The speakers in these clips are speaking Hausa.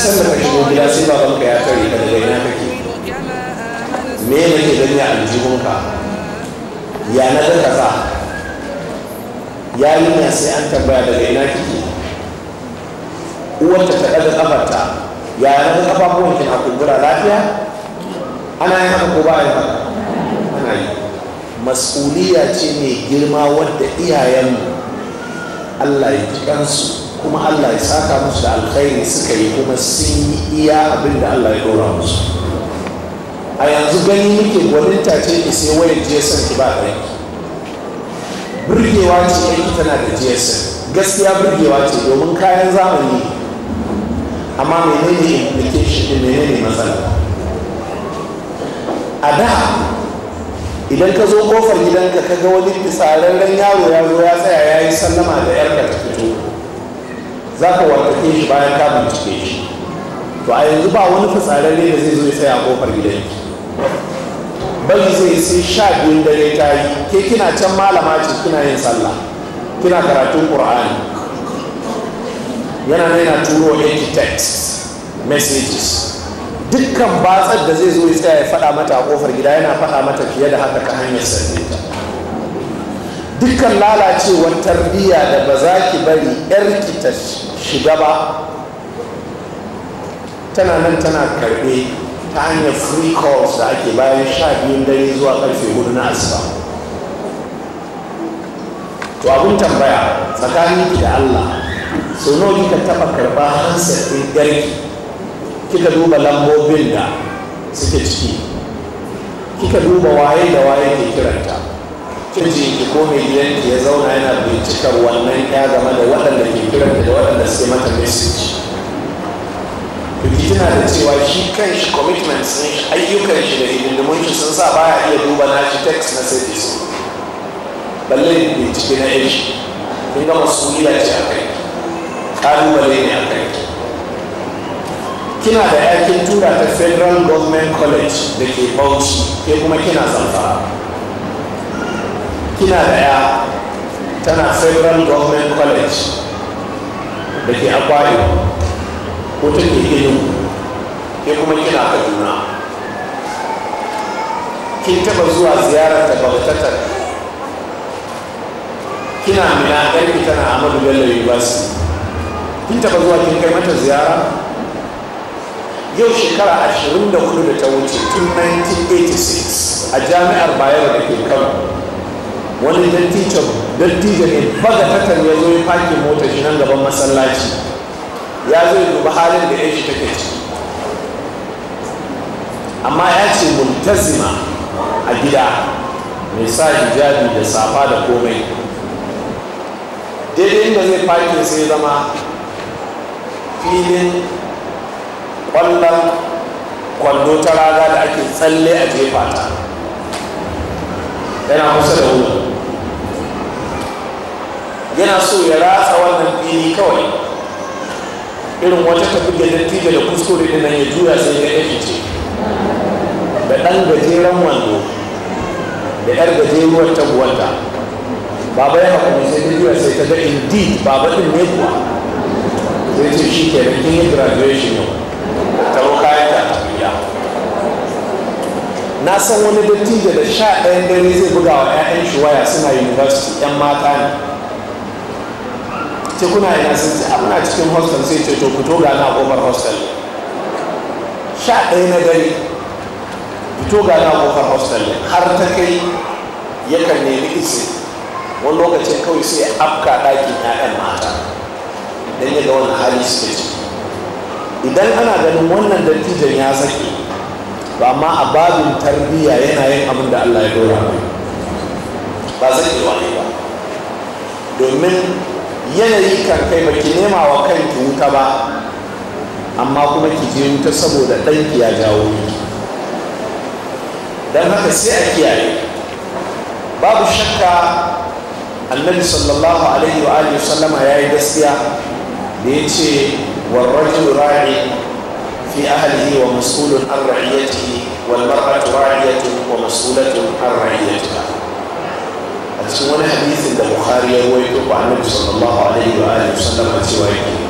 san da ka shigo gida sai babanka ya kare ka daga ina kake me nake gani a aljihunka ya na Ya yi na sai an tambaya daga ina kike uwarta ta ɗaga ƙafarta ya na ga ƙafafuwan kina kumbura lafiya ana yin haka ko ba a yi haka ana yi mas'uliya ce mai girma wadda iyayenmu Allah ya ji kansu kuma allah ya saka musu da alkhairi suka yi kuma sun yi iya abin da allah ya dora musu a yanzu gani muke gwanin ce ki sai wayar gsm ki ba ɗaya burgewa ce yanki tana da gsm gaskiya burgewa ce domin kayan zamani amma menene implication menene matsala a da idan ka zo kofar gidanka ka ga wani tsararren yaro ya zo ya tsaya ya yi sallama da yarka ta fito za ka wartake shi bayan ka bincike shi to a yanzu ba wani fitsararre da zai zo ya tsaya kofar gidan bari zai sai sha biyun dare ta yi ke kina can malama ce kina yin sallah kina karatun qur'ani yana nan yana turo yanki text messages dukkan batsar da zai zo ya tsaya ya faɗa mata a kofar gida yana faɗa mata fiye da haka ka hanyar sanya dukkan lalacewar tarbiyya da ba za ki bari yarki ta shiga ba tana nan tana karbe ta hanyar free calls da ake bayan sha biyun dare zuwa karfe hudu na asuba to abin tambaya tsakanin ki da allah sau nawa kika taba karba hansar ɗin yarki kika duba lambobin da suke ciki kika duba waye da waye ke kiranta ki ko mai gidan ya zauna yana bincikar wannan ya game da waɗanda ke kiran da waɗanda suke mata message Biki tana da cewa shi kan shi commitment sun shi ayyukan shi da hidindimun shi sun sa baya iya duba na shi text su balle bincike na yan shi kun ga masuliya ce a kai ƙalubale ne a kai kina da yakin tura ta federal government college da ke bauchi ke kuma kina zamfara kina da ya tana federal government college da ke Akwari ko ta ke gini ke kuma kina juna kin taba zuwa ziyarar ta bautatar kina mina ɗarki tana amadu bello university kin taba zuwa kin kai mata ziyara yau shekara 24 da ta wuce tun 1986 a jami'ar bayero da ke kano wani dattijo dattijo ne baga tattar ya zo ya fake mota shi nan gaban masallaci ya zo ya duba halin da yake take ci amma ya ce multazima a gida mai sa hijabi da safa da komai daidai inda zai fake sai zama filin kwallon kwallo ta raga da ake tsalle a jefa ta yana kusa da wuri yana so ya ratsa wannan fili kawai irin wata tafi da dattijo da kuskure da nan ya juya sai ya ɗaki ce da ɗan gajeren wando da ‘yar gajeruwar tabuwanta baba ya mai sai juya sai ta ga indeed baba ɗin ne kuwa sai ce shi ke da kin yi graduation yau na san wani dattijo da sha ɗayan dare zai buga wa 'ya'yan shuwaya waya suna university 'yan mata ne ce kuna yana sun ce abuna ah, cikin hostel sai ce to ku na gana kofar hostel sha ɗaya na dare fito ga na kofar hostel har ta kai yakan nemi izini wani lokacin kawai sai afka ɗakin 'ya'yan mata don yadda wani hali suke ciki idan ana ganin wannan dattijon ya sake Ba ma a babin tarbiyya yana yin abin da Allah ya dora mai ba zai yi wani ba domin yanayi kan kai ba ki nema wa kanki wuta ba amma kuma ki je wuta saboda ɗanki ya jawo ki don haka sai a kiyaye babu shakka annabi sallallahu alaihi wa alihi sallama ya yi gaskiya da ya ce warrajin ra'ayi. في أهله ومسؤول عن رعيته والمرأة راعية ومسؤولة عن رعيتها أتسمى الحديث عند البخاري ويكتب عن النبي صلى الله عليه وآله وسلم سواكي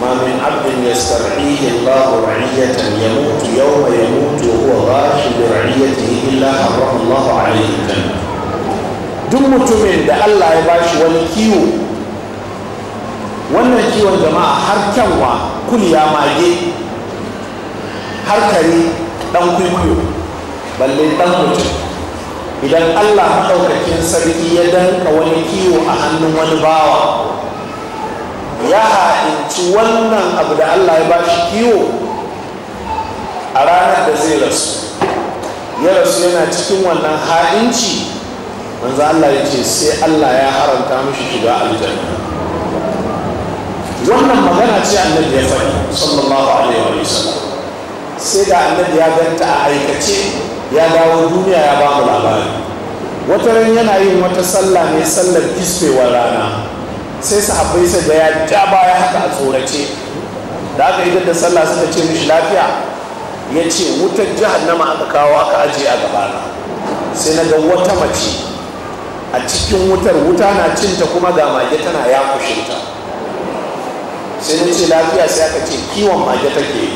ما من عبد يسترعيه الله رعية يموت يوم يموت وهو غاش برعيته إلا حرم الله عليه الجنة دم متمن ده الله يباشي ولكيو wannan kiwon jama'a har kyanwa ya mage har kare dan kuyo balle dan mutum idan allah maɗaukakin sarki ya danka wani kiwo a hannun wani bawa ya ha'inci wannan abu da allah ya bashi kiwo a ranar da zai rasu ya rasu yana cikin wannan haɗinci manzo allah ya ce sai allah ya haramta mishi shiga aljanna wannan magana ce annabi ya faɗi sallallahu alaihi wa sallam sai da annabi ya ganta a aikace ya dawo duniya ya ba mu labari wata ran yana yin wata sallah ne sallar wa rana sai sahabbai sai da ya baya haka a tsorace da aka idan da sallah suka ce mishi lafiya ya ce wutar nama aka kawo aka ajiye a gabana sai na ga wata mace a cikin wutar wuta na cinta kuma ga mage tana ya kushinta sai na ce lafiya sai aka ce kiwon mage take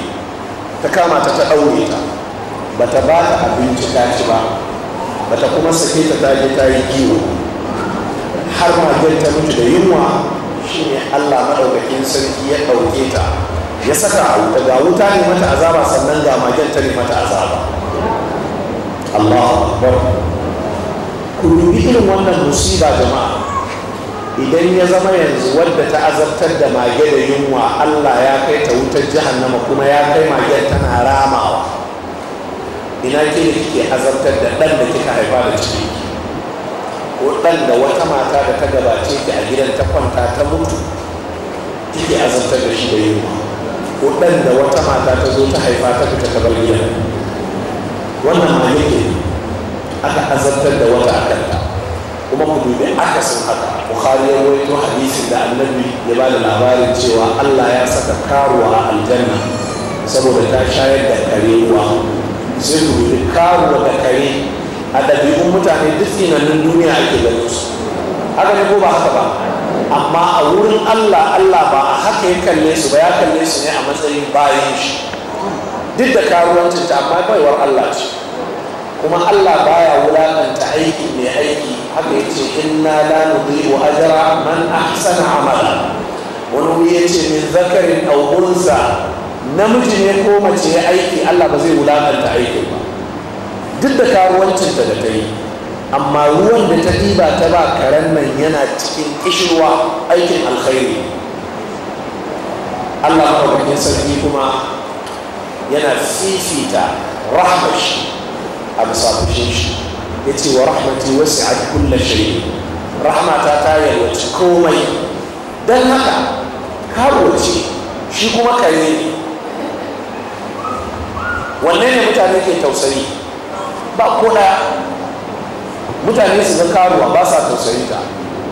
ta kama ta ta ɗaure ta ba ta ba ta abinci ta ci ba ba ta kuma sake ta ta je ta yi kiwo har magen ta mutu da yunwa shine allah maɗaukakin sarki ya ɗauke ta ya saka a wuta ga wuta ne mata azaba sannan ga magen ta ne mata azaba allah akbar ku dubi irin wannan musiba jama'a idan ya zama yanzu wadda ta azabtar da mage da yunwa allah ya kai ta wutar jahannama kuma ya kai magen tana ramawa ina ke kike azabtar da ɗan da kika haifa da ciki ko ɗan da wata mata da ta gabace ki a gidan ta kwanta ta mutu kike azabtar da shi da yunwa ko ɗan da wata mata ta zo ta haifa ta fita ta bar gidan wannan mage aka azabtar da wata akanta kuma ku dubi akasin haka bukhari ya rawaito hadisin da annabi ya ba da labarin cewa allah ya saka karuwa a aljanna saboda ta shayar da kare ruwa sai ku dubi karuwa da kare a ɗabi'un mutane duk tsinanin duniya ake ganin su haka ne ko ba haka ba amma a wurin allah allah ba a haka ya kalle su ba ya kalle su ne a matsayin bayan shi duk da karuwancin ta amma baiwar allah ce kuma allah baya wulakanta aiki mai aiki haka yace inna la nudhi'u ajara man ahsana amala wani ya ce min zakarin aw namiji ne ko mace ya aiki Allah ba zai wulakanta aikin ba duk da karuwancin ta da ta yi amma ruwan da ta ɗiba ta ba karen nan yana cikin kishirwa aikin alkhairi Allah maɗaukakin sarki kuma yana fifita rahmashi a bisa fushin shi ya ce wa rahmatu wasu a kulla shari rahmata ta yalwaci komai don haka karuwaci shi kuma kare wanne ne mutane ke tausayi ba ko daya mutane su zan karuwa ba sa tausayi ta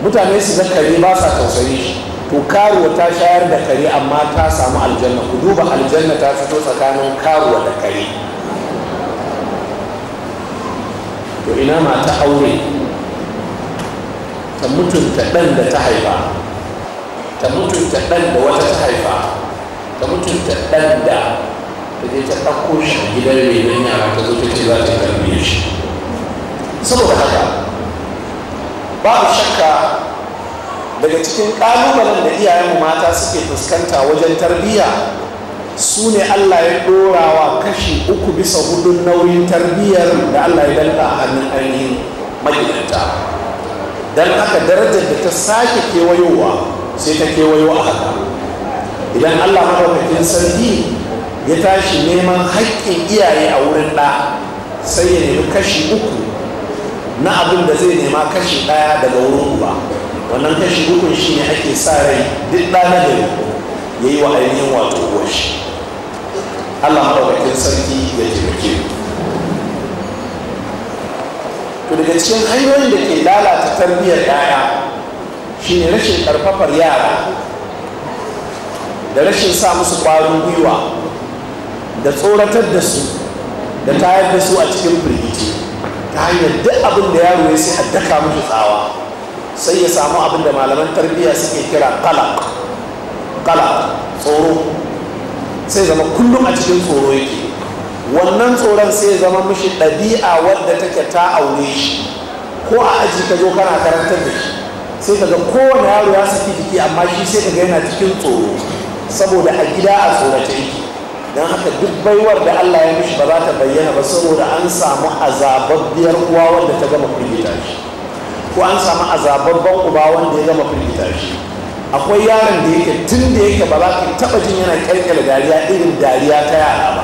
mutane su zan kare ba sa tausayi shi to karuwa ta shayar da kare amma ta samu aljanna ku duba aljanna ta fito tsakanin karuwa da kare to ina mata aure ta mutunta ɗan da ta haifa ta mutunta ɗan da wata ta haifa ta mutunta ɗan da ta je ta ɗauko shi gidan nan yara ta zo ta ce za ta karbe shi saboda haka babu shakka daga cikin ƙalubalen da iyayenmu mata suke fuskanta wajen tarbiyya su ne allah ya ɗorawa kashi uku bisa hudun nauyin tarbiyyar da allah ya dalta a hannun ainihin magidanta don haka darajar da ta sake kewayowa sai ta kewayo a haka idan allah maɗaukakin sarki ya tashi neman haƙƙin iyaye a wurin ɗa sai ya nemi kashi uku na abin da zai nema kashi ɗaya daga wurin uba wannan kashi uku shi ne ake sa rai duk ɗa na gari ya yi wa ainihin wato uwar shi allah maɗaukakin sarki ya taimake to daga cikin hanyoyin da ke lalata tarbiyyar yaya shine rashin karfafar yara da rashin sa musu ƙwarin gwiwa da tsoratar da su da tayar da su a cikin firgici ta hanyar duk abin da yaro ya sai a daka musu tsawa sai ya samu abin da malaman tarbiyya suke kira talak kala tsoro sai zama kullum a cikin tsoro yake wannan tsoron sai zama mishi ɗabi'a wadda take ta aure shi ko a aji ka zo kana karantar da shi sai ka ga kowane yaro ya saki jiki amma shi sai ka ga yana cikin tsoro saboda a gida a tsorata yake don haka duk baiwar da Allah ya mishi ba za ta bayyana ba saboda an samu azababbiyar uwa wanda ta gama firgita shi ko an samu azababban uba wanda ya gama firgita shi akwai yaron da yake tun da yake ba za ka taɓa jin yana kyalkyala dariya irin dariya ta yara ba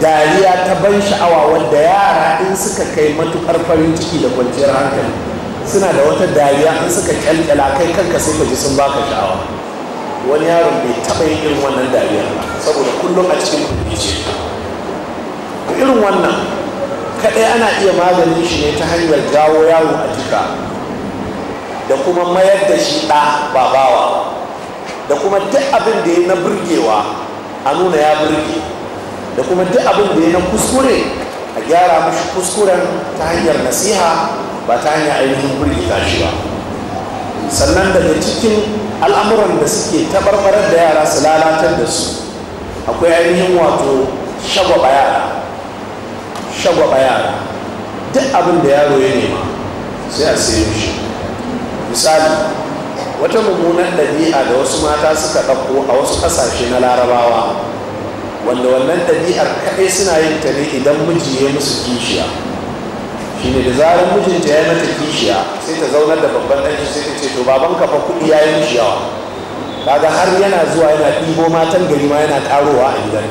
dariya ta ban sha'awa wadda yara in suka kai matukar farin ciki da kwanciyar hankali suna da wata dariya in suka kyalkyala kai kanka sai ka ji sun baka sha'awa wani yaron bai taɓa yin irin wannan dariya saboda kullum a cikin kuɗi ce irin wannan kaɗai ana iya maganin shi ne ta hanyar jawo yawo a jika da kuma mayar da shi ɗa ba bawa da kuma duk abin da ya na burgewa a nuna ya burge da kuma duk abin da ya na kuskure a gyara mashi kuskuren ta hanyar nasiha ba ta hanyar ainihin ta shi ba sannan daga cikin al'amuran da suke tabarbarar da yara su lalatar da su akwai ainihin wato shagwaba yara shagwaba yara duk abin da yaro ya nema sai a sayo shi misali wata mummunan ɗabi'a da wasu mata suka ɗauko a wasu ƙasashe na larabawa wanda wannan ɗabi'ar kaɗai suna yin ta idan miji ya musu kishiya shine da zarar mijinta ya mata kishiya sai ta zaunar da babban ɗanki sai ta ce to baban ka fa kuɗi ya yi mishi yawa kaga har yana zuwa yana ɗibo matan gari ma yana ƙarowa a gidan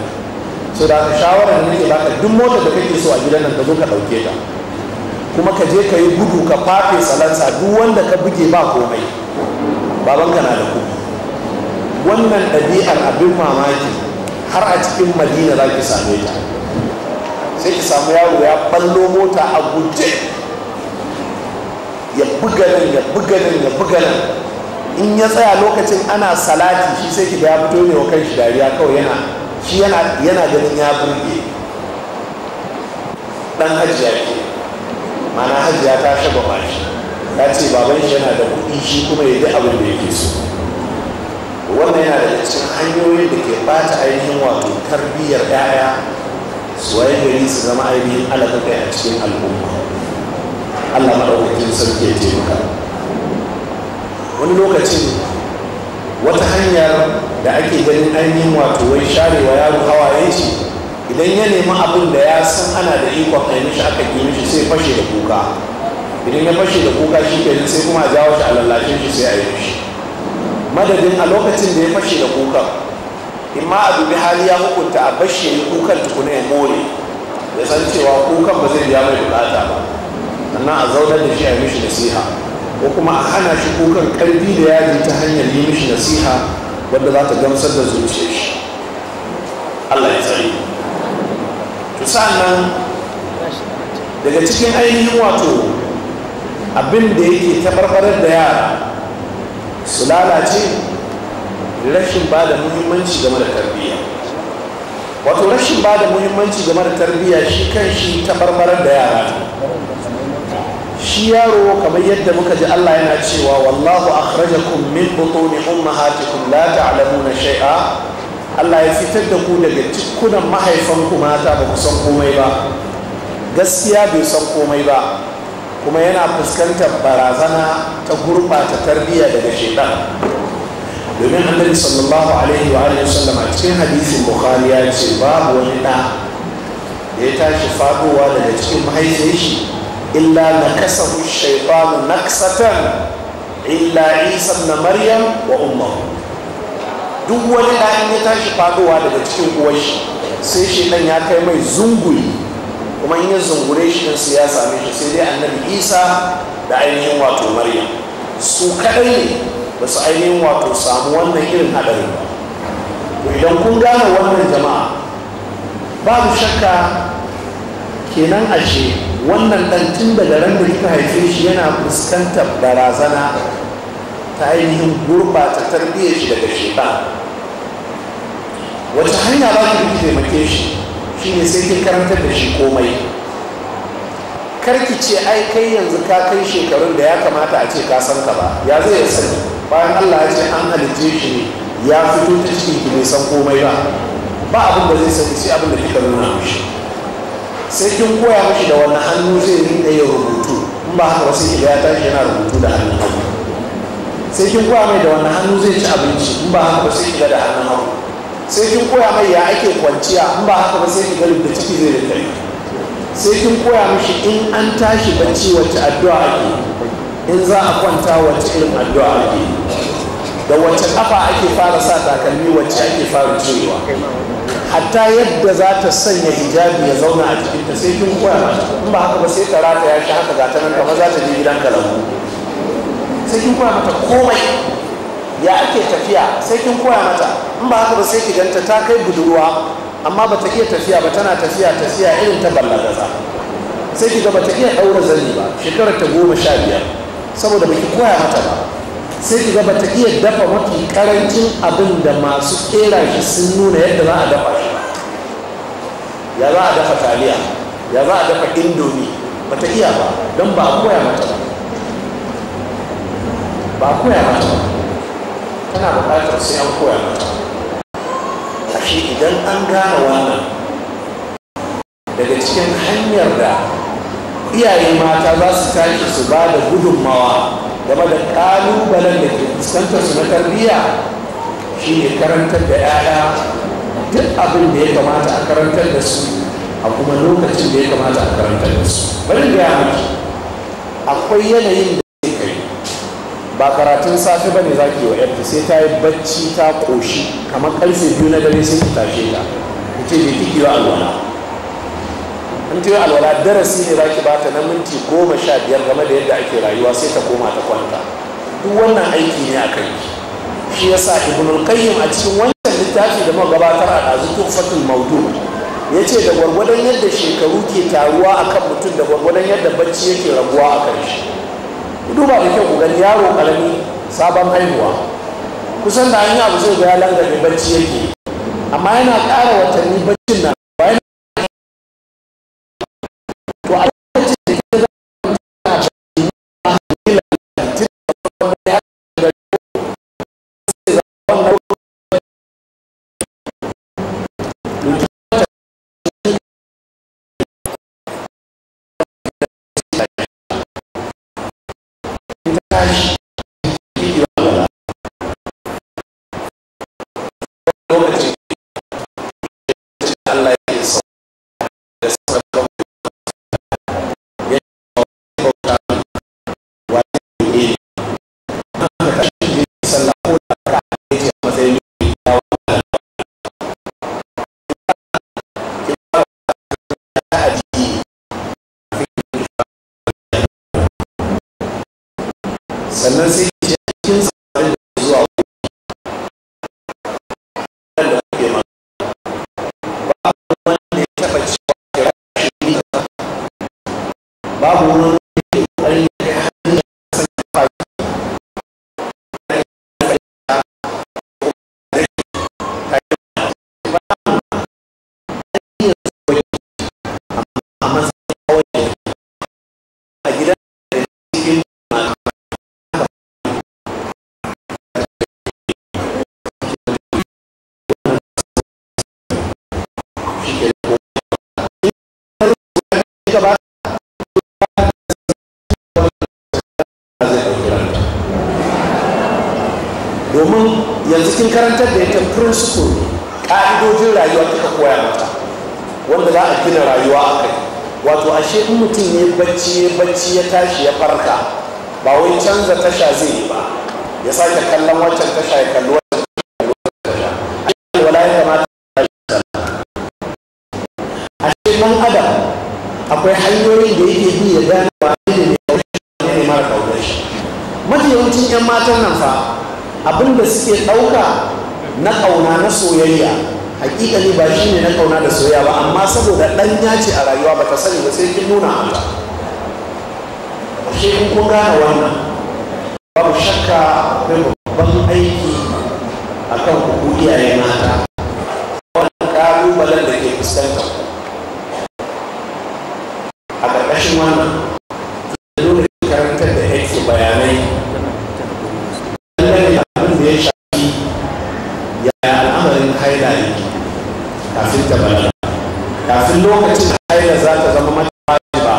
so da shawarar da nake baka duk motar da kake so a gidan nan ka zo ka ɗauke ta kuma ka je ka yi gudu ka fafe salansa duk wanda ka buge ba komai babanka na da kuɗi wannan ɗabi'ar abin mamaki har a cikin madina za ki same ta sai ki samu yaro ya ɓallo mota a guje ya buga nan ya buga nan ya buga nan in ya tsaya lokacin ana salati shi sai ki fito ne wa kan shi dariya kawai yana shi yana ganin ya burge dan hajji ya ke mana hajiya ta taba mashi ta ce baban shi yana da kuɗi shi kuma ya ji abin da yake so wannan yana daga cikin hanyoyin da ke bata ainihin wato tarbiyyar 'ya'ya su waye gari su zama ainihin alaƙaƙai a cikin al'umma allah maɗaukakin sarki ya maka. wani lokacin wata hanyar da ake ganin ainihin wato wai sharewa yaro hawaye ce idan ya nemi abin da ya san ana da ikon a mishi aka yi mishi sai fashe da kuka idan ya fashe da kuka shi ke sai kuma a jawo shi a lallace shi sai a yi mishi madadin a lokacin da ya fashe da kuka in ma a dubi hali ya hukunta a bashe ya kukan tukuna ya more ya san cewa kukan ba zai biya mai bukata ba sannan a zaunar da shi a yi mishi nasiha ko kuma a hana shi kukan karfi da yaji ta hanyar yi mishi nasiha wanda za ta gamsar da zuciyar shi Allah ya tsare sannan daga cikin ainihin wato abin da yake tabarbarar da yara su lalace rashin ba da muhimmanci game da tarbiyya wato rashin ba da muhimmanci game da tarbiyya shi kan shi tabarbarar da yara shi yaro kamar yadda muka ji Allah yana cewa wallahu akhrajakum min butuni ummahatikum la ta'lamuna shay'a Allah ya fitar da ku daga cikunan mahaifanku mata ba ku san komai ba gaskiya bai san komai ba kuma yana fuskantar barazana ta gurɓata tarbiyya daga shekar domin annabi sallallahu alaihi wa alihi sallama cikin hadisin bukhari ya ce babu wani da da ya tashi fadowa daga cikin mahaifin shi illa na kasahu shaitanu naksatan illa isa na maryam wa ummahu duk wani da in ya tashi fadowa daga cikin uwar shi sai shi dan ya kai mai zunguri kuma in ya zungure shi din sai ya same shi sai dai annabi isa da ainihin wato maryam su kadai ne ba su ainihin wato samu wannan irin haɗari. ba to idan kun gane wannan jama'a babu shakka kenan ashe wannan dan tun daga ran da kika haife shi yana fuskantar barazana ta ainihin gurbata tarbiyyar shi daga shekara wata hanya ba ku yi taimake shi Shi ne sai kin karantar da shi komai karki ce ai kai yanzu ka kai shekarun da ya kamata a ce ka san ka ba ya zai sani bayan Allah ya ce an halitta shi ne ya fito ta cikin ki bai san komai ba ba abin da zai sani sai abin da kika nuna mishi sai kin koya mishi da wani hannu zai rinka yin rubutu in ba haka ba sai ki ga ya tashi yana rubutu da hannun sai kin koya mai da wani hannu zai ci abinci in ba haka ba sai shiga da hannun hagu sai kin koya mai ya ake kwanciya in ba haka ba sai ki da ciki zai da kai sai kin koya mishi in an tashi bacci wacce addu'a ake in za a kwanta wacce irin addu'a ake da wacce kafa ake fara sa takalmi wacce ake fara cewa hatta yadda za ta sanya hijabi ya zauna a jikinta sai kin koya mata in ba haka ba sai ta rata ya shi haka ga ta nan kamar za ta je gidan kalamu. sai kin koya mata komai ya ake tafiya sai kin koya mata in ba haka ba sai ki ganta ta kai budurwa amma ba ta iya tafiya ba tana tafiya tafiya irin ta ballagaza sai ki ga ba ta iya ɗaura zani ba shekarar ta goma sha biyar saboda ba ki koya mata ba sai ki ga ba ta iya dafa mafi karancin abin da masu ƙera shi sun nuna yadda za a dafa shi ya za a dafa taliya ya za a dafa indomi ba ta iya ba don ba a koya mata ba ba koya mata tana buƙatar sai an koya mata shi idan an gane wannan daga cikin hanyar da iyaye mata za su tashi su ba da gudunmawa game da ƙalubalen da ke fuskantar su na tarbiyya ne karantar da 'ya'ya duk abin da ya kamata a karantar da su a kuma lokacin da ya kamata a karantar da su bari da miki akwai yanayin ba karatun safe ne za ki wa yarki sai ta yi bacci ta ƙoshi kamar karfe biyu na dare sai ki tashe ta ki ce da ki yi alwala An ta yi alwala darasi ne za ki bata na minti goma sha biyar game da yadda ake rayuwa sai ta koma ta kwanta duk wannan aiki ne a kai shi sa ibn al a cikin wancan littafi da muka gabatar a ɗazu tuhfatul maudu ya ce da gwargwadon yadda shekaru ke taruwa akan mutum da gwargwadon yadda bacci yake rabuwa a karshe shi ku duba da kyau ku gani yaro karami sabon haihuwa kusan da hanyar abu zai ga ya langabe bacci yake amma yana ƙara watanni baccin nan sannan sai ya cikin tsarin da zuwa wurin da kuke ma babu wanda ya taɓa cewa babu wurin karantar da ita principle ka'idojin rayuwa kika koya mata wanda za a gina rayuwa a kai wato ashe in mutum ya bacci ya bacci ya tashi ya farka ba wai canza tasha zai yi ba ya sake kallon wancan tasha ya kalli wancan ya ashe adam akwai hanyoyin da yake bi ya gane ba ne ne ne mara kaunar shi mafi yawancin 'yan matan nan fa Abinda suke ɗauka na ƙauna na soyayya hakika ne ba shi ne na ƙauna da soyayya ba amma saboda ɗan ce a rayuwa ba ta sani ba sai kin nuna mata ashe in kun gane wannan babu shakka akwai babban aiki akan kuku iyaye mata wannan ƙalubalen da ke fuskanta a ƙarƙashin wannan kafin ta balaga kafin lokacin haila za ta zama mata wajiba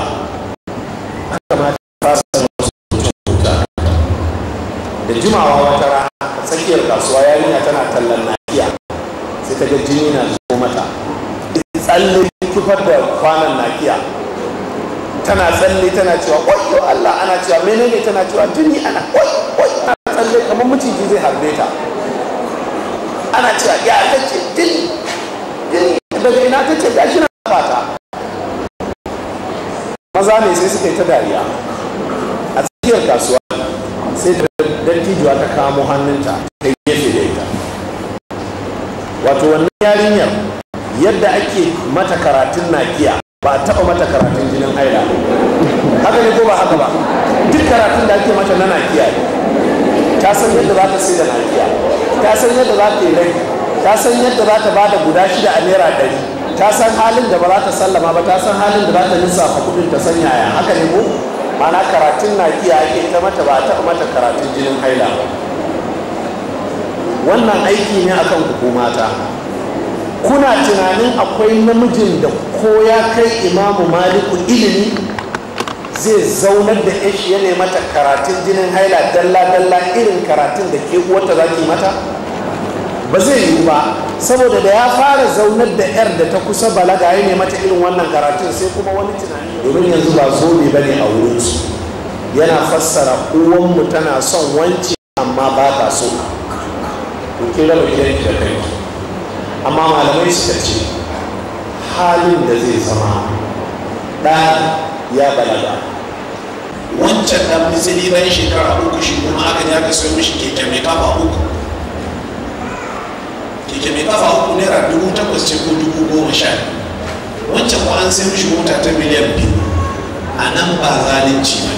kamata ta fasa da jimawa wata rana a tsakiyar kasuwa yarinya tana tallan nakiya sai ta ga jini na zo mata tsalle kifar da kwanan nakiya tana tsalle tana cewa wayo Allah ana cewa menene tana cewa jini ana wayo wayo tsalle kamar maciji zai harbe ta ana cewa ya kace jini daga ina ta ce gashi na fata maza ne sai suka yi ta dariya a tsakiyar kasuwa sai dattijuwa ta kamo hannunta ta gefe da ita wato wannan yarinyar yadda ake mata karatun nakiya ba a taɓa mata karatun jinin haila haka ne ko ba haka ba duk karatun da ake mata na nakiya ne ta san yadda za ta sai da nakiya ta san yadda za ta yi rai ta san yadda za ta bada guda shida a naira ɗari ta san halin da ba za ta sallama ba ta san halin da za ta lissafa kudin ta san yaya haka ne ko mana karatun na iya ake ta mata ba ta mata karatun jinin haila wannan aiki ne akan hukumata kuna tunanin akwai namijin da ko ya kai imamu maliku ilimi zai zaunar da ya shi mata karatun jinin haila dalla-dalla irin karatun da ke uwarta za ki mata ba zai yiwu ba saboda da ya fara zaunar da yar da ta kusa balaga ya nema ta irin wannan karatun sai kuma wani tunani domin yanzu ba zobe ba ne a wurinsu yana fassara uwanmu tana son wance amma ba ta so kuke raba da kai amma malamai suka ce halin da zai zama ɗaya ya balaga wancan da misali bayan shekara uku shi kuma aka ya ka mishi keke mai kafa uku keke mai kafa uku naira dubu takwas ce ko dubu goma sha wancan ko an sai mishi mota ta miliyan biyu a nan ba zalunci ba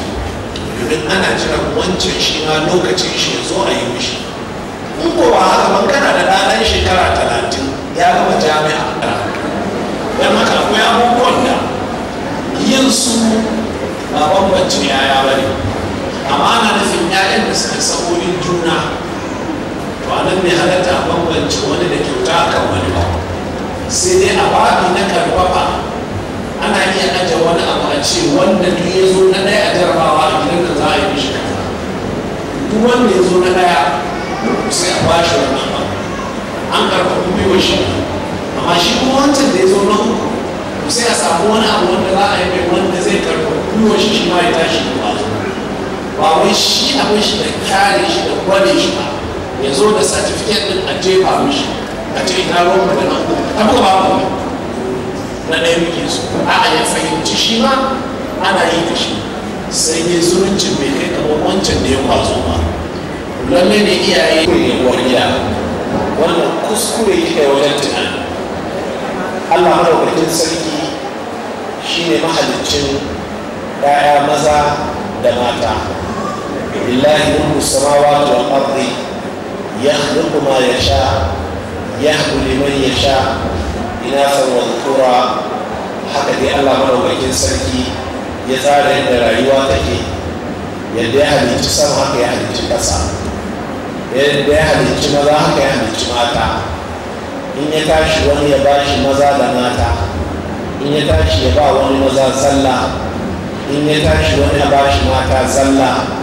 domin ana jiran wancan shi ma lokacin shi ya zo a yi mishi in ko ba haka ban kana da ɗanan shekara talatin ya gama jami'a da don haka akwai abubuwan da yin su ba bambancin yaya ba ne amma ana nufin 'ya'yan da suka saurin juna to a nan mai halatta bambance wani da kyauta kan wani ba sai dai a babi na karfafa ana iya ajiye wani abu a ce wanda duk ya zo na ɗaya a jarabawa a gidan da za a yi mishi kaza duk wanda ya zo na ɗaya sai a bashi wani abu an karfafa gwiwa shi amma shi kuma wancan da ya zo na uku sai a samu wani abu wanda za a yi mai wanda zai karfafa gwiwa shi shi ma ya tashi da ba wai shi abin shi da kyale shi da gwade shi ba ya zo da certificate din a jefa mishi a ce ina ruwan da nan abu ba mu na ɗaya muke so a ya fahimci shi ma ana yi da shi sai dai zumuncin bai kai kamar wancan da ya kwazo ba lalle ne iyaye ne wariya wannan kuskure yake wajen tunani Allah madaukakin sarki shi ne mahalicin ‘ya'ya maza da mata. Billahi mun musamawa da al'arri يخلق ما يشاء يهب ina يشاء إناثا وذكورا haka dai Allah madaukakin sarki ya tsara yadda rayuwa take yadda ya halicci sama haka ya halicci ƙasa yadda ya halicci maza haka ya halicci mata in ya tashi wani ya ba shi maza da mata in ya tashi ya ba wani maza zalla in ya tashi wani ya ba shi mata zalla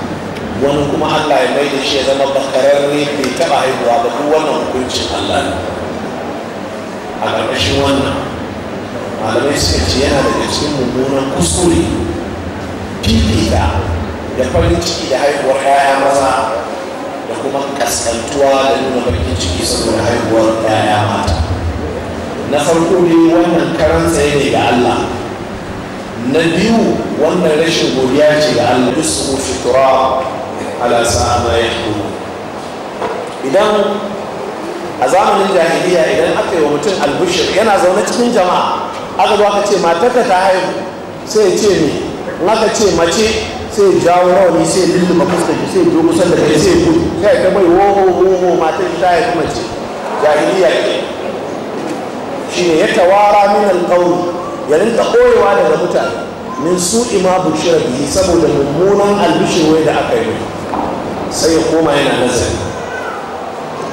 wani kuma allah ya mai da shi ya zama bakararre bai taɓa haihuwa ba duk wannan hukuncin allah ne a ƙarƙashin wannan malamai suka ce yana daga cikin mummunan kuskure fifita da farin ciki da haihuwar 'ya'ya maza da kuma kaskantuwa da nuna bakin ciki saboda haihuwar yaya mata na farko ne wannan karan tsaye ne ga Allah na biyu wannan rashin godiya ce ga Allah duk su fitura ala sa'a ya idan a zamanin jahiliya idan aka yi wa mutum albushir yana zaune cikin jama'a aka zo aka ce matarka ta haihu sai ce me in aka ce mace sai jawo rauni sai lulluma fuskar sai zo kusan da kai sai gudu kai ka mai woho woho matar ta haihu mace jahiliya ke ne ya tawara min alqawli ya rinka koyewa daga mutane min su'i ma bushira bihi saboda mummunan albishir wai da aka yi sai ya koma yana nazari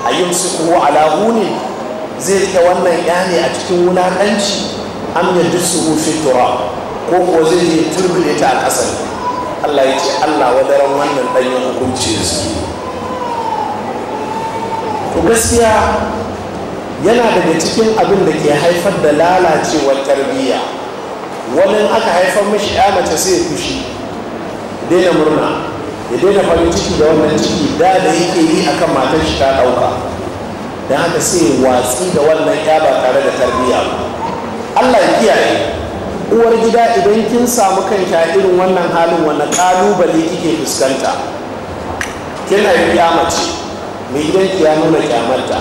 a yi su kuwa alahu ne zai rike wannan ya ne a cikin wulakanci am ya su rufe tura ko ko zai yi turbule ta a ƙasar allah ya ce allah wadaran wannan ɗanyen hukunci da su Ku gaskiya yana daga cikin abin da ke haifar da lalacewar tarbiyya wani aka haifar mashi ya mace sai ya fushi daina murna ya daina farin ciki da wannan ciki da da yake yi akan matar shi ta ɗauka da haka sai watsi da wannan ya ba tare da tarbiyya Allah ya kiyaye uwar gida idan kin samu kan a irin wannan halin wani kalubale kike fuskanta kina yi kyamace mai ki ya nuna kyamarta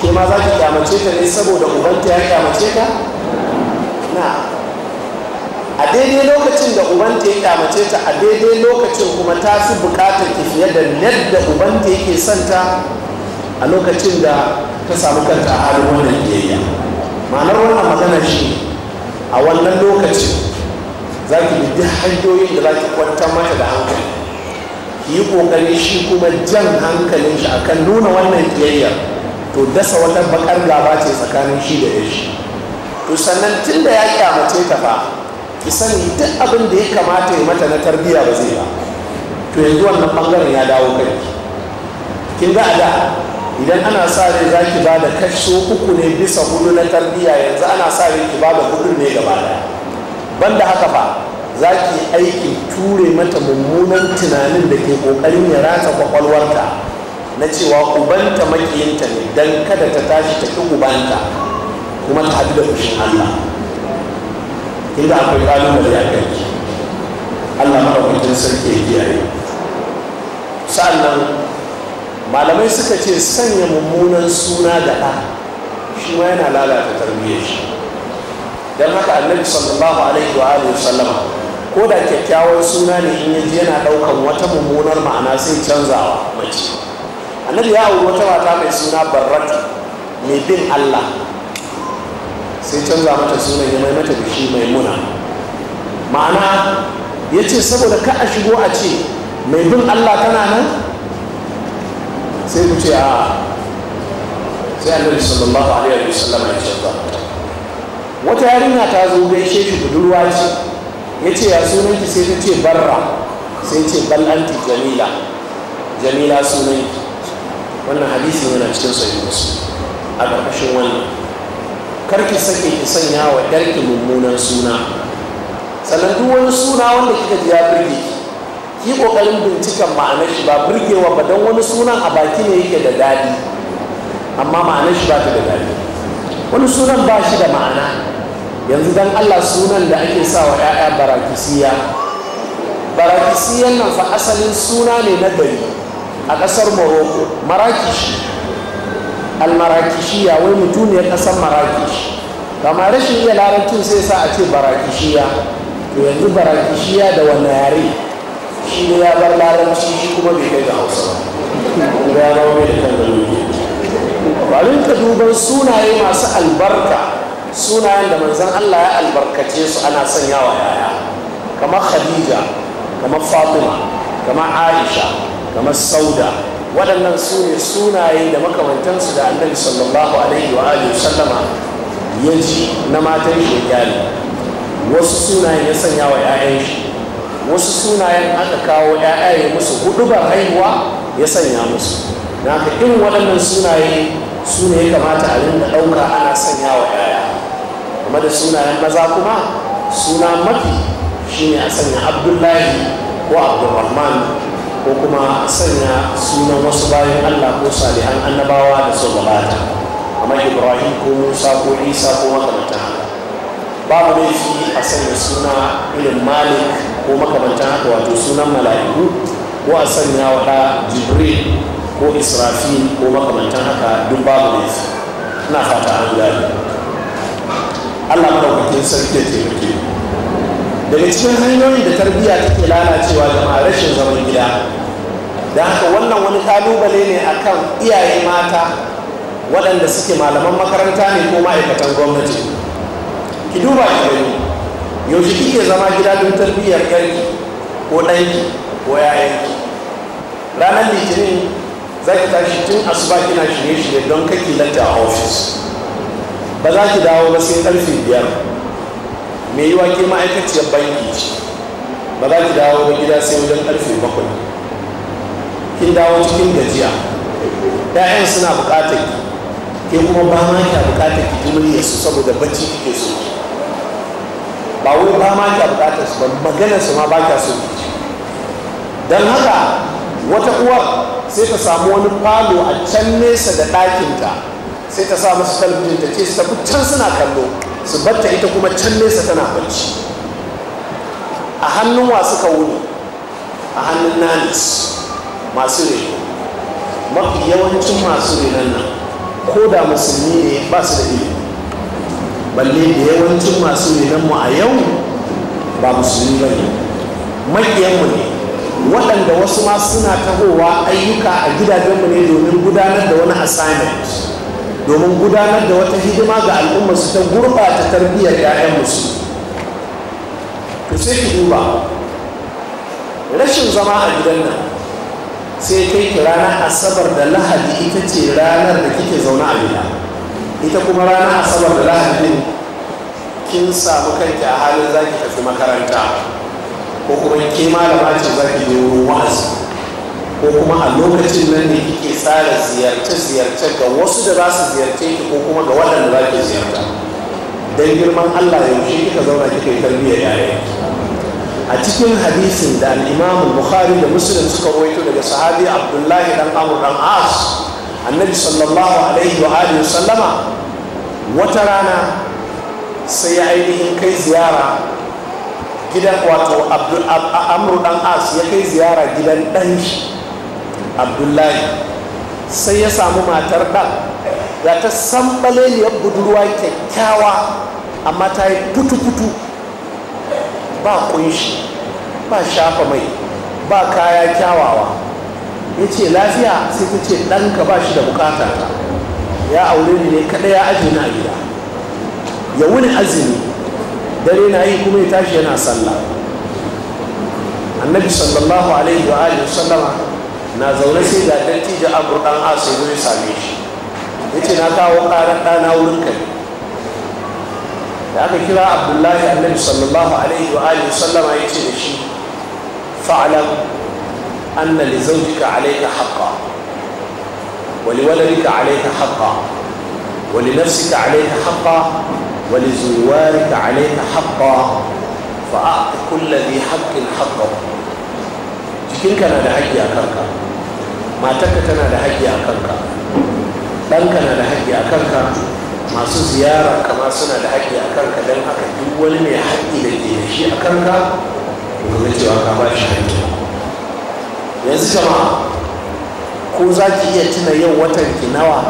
ke ma za ki kyamace ta ne saboda ubanta ya kyamace ta na a daidai lokacin da ubanta ya kyamace ta a daidai lokacin kuma ta fi bukatar ki fiye da yadda ubanta yake santa, a lokacin da ta samu kanta a halin wannan biyayya ma'anar wannan magana shi a wannan lokacin za ki bi duk hanyoyin da za ki kwantar mata da hankali ki yi kokari shi kuma jan hankalin shi a kan nuna wannan biyayya to dasa wata bakar gaba ce tsakanin shi da shi to sannan tun da ya kyamace ta fa ki sani duk abin da ya kamata ya mata na tarbiyya ba zai ba to yanzu wannan bangaren ya dawo kai kin ga da idan ana sa rai za ki ba da kaso uku ne bisa hudu na tarbiyya yanzu ana sa ne ki ba da hudu ne gaba daya banda haka fa za ki aiki ture mata mummunan tunanin da ke kokarin ya rata kwakwalwarta na cewa ubanta makiyinta ne don kada ta tashi ta ki ubanta kuma ta haɗu da fushin Allah inda akwai da ya kai allah maɗaukakin sarki ya kiyaye sa'annan malamai suka ce sanya mummunan suna da ɗa shi ma yana lalata tarbiyyar shi don haka annabi sallallahu alaihi wa alihi sallama ko da kyakkyawan suna ne in yaji yana ɗaukan wata mummunar ma'ana sai canzawa mace annabi ya auri wata mata mai suna barratu mai bin allah sai canza mata sunan ya mai mata da shi mai muna ma'ana ya ce saboda ka a shigo a ce mai bin allah tana nan sai ku ce a sai annabi sallallahu alaihi wa sallam ya ce ba wata yarinya ta zo gaishe shi budurwa ce ya ce ya sunan ki sai ta ce barra sai ce ballanti jamila jamila sunan wannan hadisi yana cikin sahih muslim a ƙarƙashin wannan Kar ki sake ki sanya wa ɗarki mummunan suna sannan duk wani suna wanda kika ji ya birge ki ƙoƙarin binciken ma'anar shi ba birgewa ba don wani sunan a baki ne yake da daɗi amma ma'anar shi ba ta da daɗi wani sunan ba shi da ma'ana yanzu dan Allah sunan da ake sa wa 'ya'ya barakisiya barakisiyan nan fa asalin suna ne na gari a ƙasar Morocco marakishi almarakishiya wai mutuniyar ƙasar marakish kama rashin iya larabcin sai sa a ce barakishiya to yanzu barakishiya da wani yare shi ne ya bar larabci shi kuma bai kai ga hausa ya zama mai da bari ka duban sunaye masu albarka sunayen da manzon Allah ya albarkace su ana sanyawa yaya kamar khadija kamar fatima kamar aisha kamar sauda waɗannan su ne sunaye da makamantansu da annabi sallallahu alaihi wa alihi sallama ya ji na matan shi iyali wasu sunayen ya sanya wa 'ya'yan shi wasu sunayen aka kawo 'ya'ya ya musu hudu ba haihuwa ya sanya musu na haka irin waɗannan sunaye su ne ya kamata a rinda ɗauka ana sanya wa 'ya'ya kuma da sunayen maza kuma suna mafi shine a sanya abdullahi ko abdulrahman ko kuma sanya sunan wasu bayan allah ko salihan annabawa da su gabata amma ibrahim ko musa ko isa ko makamantan haka babu laifi a sanya suna irin malik ko makamantan haka wato sunan mala'iku ko a sanya wa jibril ko israfil ko makamantan haka duk babu laifi ina fata an gani allah madaukakin sarki ya taimake daga cikin hanyoyin da tarbiyya take lalacewa jama'a rashin zaman gida da haka wannan wani kalubale ne akan iyaye mata waɗanda suke malaman makaranta ne ko ma'aikatan gwamnati ki duba ki gani yaushe kike zama gida don tarbiyyar yanki ko ɗanki ko yayanki ranar litinin za ki tashi tun asuba kina shirye-shirye don kake latta a ofis ba za ki dawo ba sai ƙarfe biyar mai yiwa ke ma'aikaciyar banki ce ba za ki dawo ba gida sai wajen karfe bakwai kin dawo cikin gajiya ya'yan suna bukatar ki ke kuma ba ma kya bukatar ki ji muryar su saboda bacci kike so ba wai ba ma kya bukatar su ba magana su ma ba kya so ki ji don haka wata uwar sai ta samu wani falo a can nesa da ɗakinta sai ta sa masu talabijin ta ce su tafi can suna kallo su batta ita kuma can nesa tana bacci a hannun wa suka wuni a hannun nanis masu reno mafi yawancin masu renon nan ko da musulmi ne ba su da ilimi balle da yawancin masu renon mu a yau ba musulmi ba ne makiyanmu ne waɗanda wasu ma suna tahowa ayyuka a gidajenmu ne domin gudanar da wani assignment domin gudanar da wata hidima ga al'umma su ta gurɓata tarbiyyar 'ya'yan musu ku sai ku duba rashin zama a gidan nan sai kai ki ranar asabar da lahadi ita ce ranar da kike zaune a gida ita kuma ranar asabar da lahadi kin samu kanki a halin zaki tafi makaranta ko kuma ke malama ce zaki je wa'azi ko kuma a lokacin nan ne kike tsara ziyarce-ziyarce ga wasu da za su ziyarce ki ko kuma ga waɗanda za ki ziyarta don girman Allah yaushe kika zauna kika yi tarbiyya yayin a cikin hadisin da al'imam bukhari da muslim suka rawaito daga sahabi abdullahi dan amur dan as annabi sallallahu alaihi wa alihi sallama wata rana sai ya ainihin kai ziyara gidan wato amur dan as ya kai ziyara gidan ɗan shi abdullahi sai ya samu matar ɗan ya ta sambaleliyar budurwa kyakkyawa amma ta yi putu-putu ba kunshi ba shafa mai ba kaya kyawawa ya ce lafiya sai ta ce ɗanka ba shi da bukata ta ya aure ni ne kaɗai ya aje na gida ya wuni azumi dare na yi kuma ya tashi yana sallah annabi sallallahu alaihi wa alihi sallama na zaune sai ga dattijo amur dan asu zo ya same shi ya ce na kawo ƙarar ɗana wurin kai da aka kira abdullahi annabi sallallahu alaihi wa alihi sallama ya ce da shi fa'alam anna li zawjika alayka haqqan wa li waladika alayka haqqan wa li nafsika alayka haqqan wa li zuwarika alayka haqqan فأعط كل ذي حق حقه جكنك أنا لحقي kanka matarka tana da haƙƙi a kanka ɗanka na da haƙƙi a kanka masu ziyara kama suna da haƙƙi a kanka don haka duk wani mai haƙƙi da ke da shi a kanka to kuma cewa ka ba shi haƙƙi yanzu sama. ko za ki iya tuna yau watan ki nawa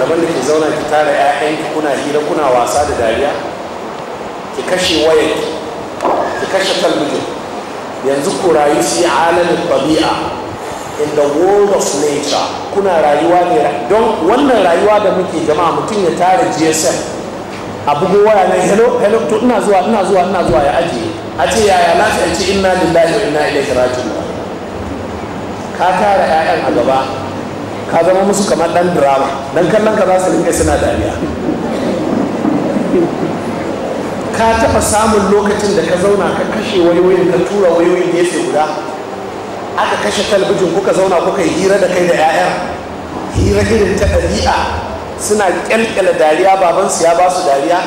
rabar da ke zauna ki tara 'ya'yanki kuna hira kuna wasa da dariya ki kashe wayar ki kashe talbijin yanzu ku rayu shi alamin ɗabi'a in the world of nature kuna rayuwa ne don wannan rayuwa da muke jama'a mutum ya tara gsm a bugu waya na hello hello to ina zuwa ina zuwa ina zuwa ya ajiye a ce yaya na ce inna lillahi wa inna ilaihi raji'un ka tara ƴaƴan a gaba ka zama musu kamar dan drama dan kallon ka za su rinka suna dariya ka taɓa samun lokacin da ka zauna ka kashe wayoyin ka tura wayoyin gefe guda aka kashe talabijin kuka zauna kuka yi hira da kai da 'ya'ya? hira irin ta ɗabi'a suna kyalkyala dariya babansu ya ba su dariya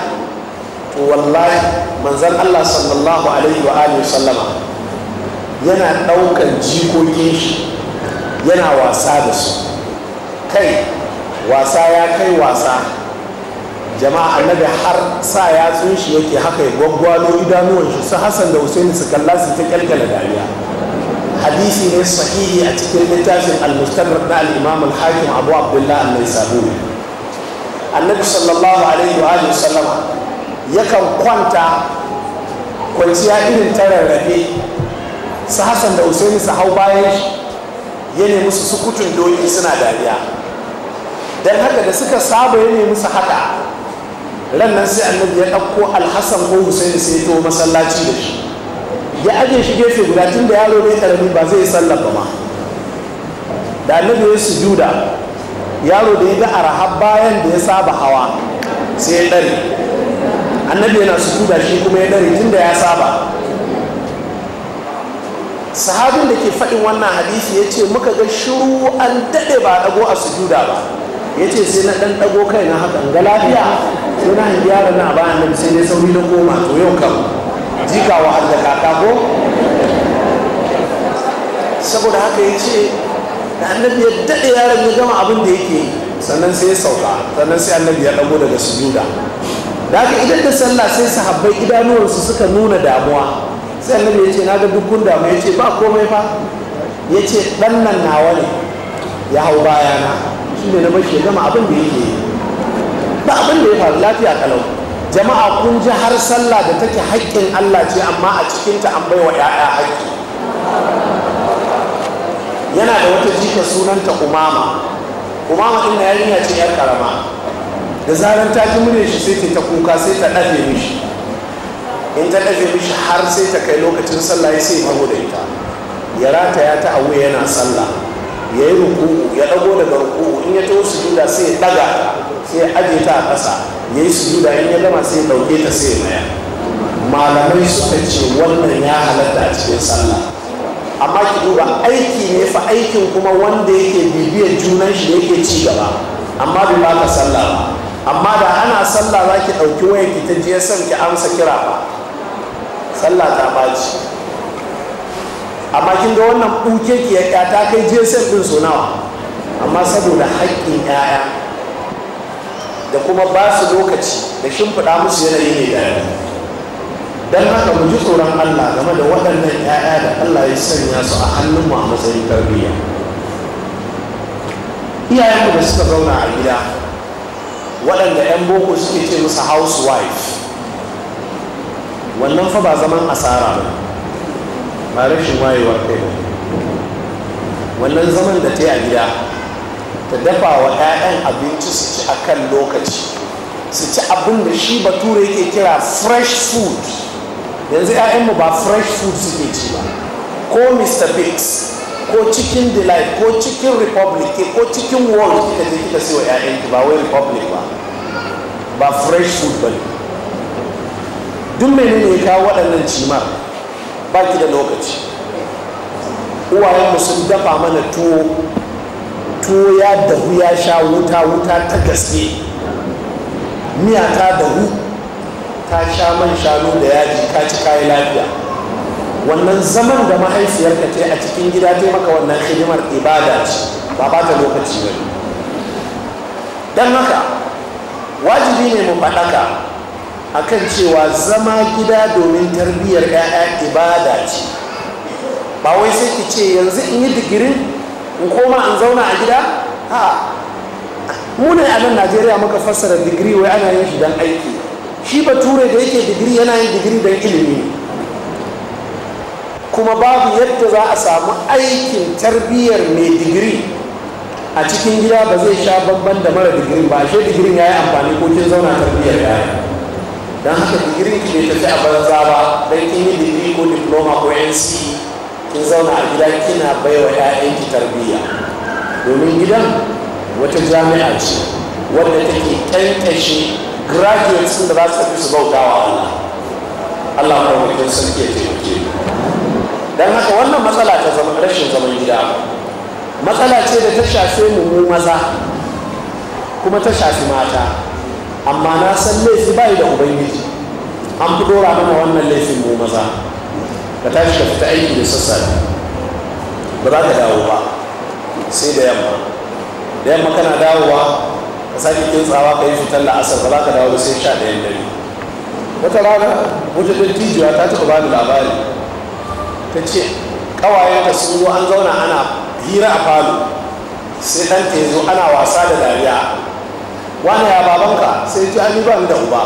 to wallahi manzan allah sallallahu alaihi wa alihi sallama yana ɗaukan jikokin shi yana wasa da su kai wasa ya kai wasa jama'a annabi har sa ya shi yake haka ya gwaggwalo idanuwan shi su hassan da hussein su kalla su ta kyalkyala dariya hadisi ne sahihi a cikin littafin al-mustadrak na al-imam al-hakim abu abdullah al-naisaburi annabi sallallahu alaihi wa alihi sallam yakan kwanta kwanciya irin ta rarrafe su hasan da usaini su hau bayan ya nemi su sukutun doki suna dariya dan haka da suka saba ya nemi su haka ran sai annabi ya ɗauko alhassan ko husaini sai ya to masallaci da shi ya aje shi gefe guda tun da yaro ne karami ba zai sallaba ba ma da annabi ya sujuda yaro da ya ga arahab bayan da ya saba hawa sai ya dare annabi yana sujuda shi kuma ya dare tun da ya saba sahabin da ke faɗin wannan hadisi ya ce muka ga shiru an daɗe ba ɗago a sujuda ba ya ce sai na ɗan ɗago kai na in ga lafiya sai na hangiya da na bayan nan sai dai sauri na koma to yau kam jika wa da kaka ko saboda haka ya ce da annabi ya daɗe yaron ya gama abin da yake sannan sai ya sauka sannan sai annabi ya ɗago daga sujuda da haka idan da sallah sai sahabbai idanuwansu suka nuna damuwa sai annabi ya ce na ga dukkan damu ya ce ba komai fa ya ce ɗan nan nawa ne ya hau bayana shi ne na bashi ya gama abin da yake ba abin da ya faru lafiya kalau jama'a kun ji har sallah da take haƙƙin allah ce amma a cikin ta an bai wa 'ya'ya haƙƙi yana da wata jika sunanta umama umama ɗin na yarinya ce 'yar karama da zarar ta ji mune shi sai ta kuka sai ta ɗafe mishi in ta ɗafe mishi har sai ta kai lokacin sallah sai ya da ita ya ya ta a wuya yana sallah ya yi ruku'u ya ɗago daga ruku'u in ya taho sujuda sai ya ɗaga sai ya aje ta a ƙasa ya yi sujuda in ya gama sai ɗauke ta sai maya malamai suka ce wannan ya halatta a cikin sallah amma ki duba aiki ne fa aikin kuma wanda yake bibiyar junan shi yake ci gaba amma bai baka sallah ba amma da ana sallah za ki ɗauki wayar ki ta je san ki amsa kira ba sallah ta ɓaci amma kin ga wannan ɓuke ki ya ta kai je san ɗin so nawa amma saboda haƙƙin 'ya'ya da kuma ba su lokaci da shimfiɗa musu yanayi mai daɗi don haka mu ji tsoron Allah game da waɗannan 'ya'ya da Allah ya sanya su a hannun mu a matsayin tarbiyya iyayenmu da suka zauna a gida waɗanda 'yan boko suke ce musu housewife wannan fa ba zaman asara ba ba rashin wayewar kai wannan zaman da ta yi a gida ta dafa wa 'ya'yan abinci su ci a kan lokaci su ci abin da shi bature yake kira fresh food yanzu 'ya'yanmu ba fresh food suke ci ba ko mr biggs ko cikin delight ko cikin republic ko cikin world kika je kika siyo 'ya'yanki ba wai republic ba ba fresh food ba duk menene ya kawo waɗannan cimar ba ki da lokaci uwayenmu sun dafa mana tuwo tuwo ya dahu ya sha wuta wuta ta gaske miya ta dahu ta sha man shanu da yaji ka ci kayi lafiya wannan zaman da mahaifiyarka ta a cikin gida ta maka wannan hidimar ibada ce ba ba ta lokaci ba don haka wajibi ne mu faɗaka a kan cewa zama gida domin tarbiyyar 'ya'ya ibada ce ba wai sai ki ce yanzu in yi digirin in koma an zauna a gida ha mu a nan najeriya muka fassara digiri wai ana yin shi don aiki shi bature da yake digiri yana yin digiri don ilimi kuma babu yadda za a samu aikin tarbiyyar mai digiri a cikin gida ba zai sha babban da mara digiri ba ashe digirin ya yi amfani ko kin zauna tarbiyyar ya don haka digiri ki bai tafi a banza ba don kin digiri ko diploma ko nce kin zauna a gida kina baiwa 'ya'yanki tarbiyya domin gidan wata jami'a ce wadda take ƙyanƙyashe graduates da za su tafi su bautawa Allah Allah mawarkin sarki ya taimake don haka wannan matsala ta zama rashin zaman gida matsala ce da ta shafe mu mu maza kuma ta shafi mata amma na san laifi bai da ubangiji an fi dora mana wannan laifin mu maza ka tashi ka fita aiki da sassafe ba za ka dawo ba sai da yamma da yamma kana dawowa ka sake kintsawa ka yi fitar la'asar ba za ka dawo ba sai sha ɗayan dare wata rana wata dattijuwa ta taɓa ba ni labari ta ce ƙawayenta sun zo an zauna ana hira a falo sai ɗanta ya zo ana wasa da dariya wani ya babanka sai ji an yi ba da uba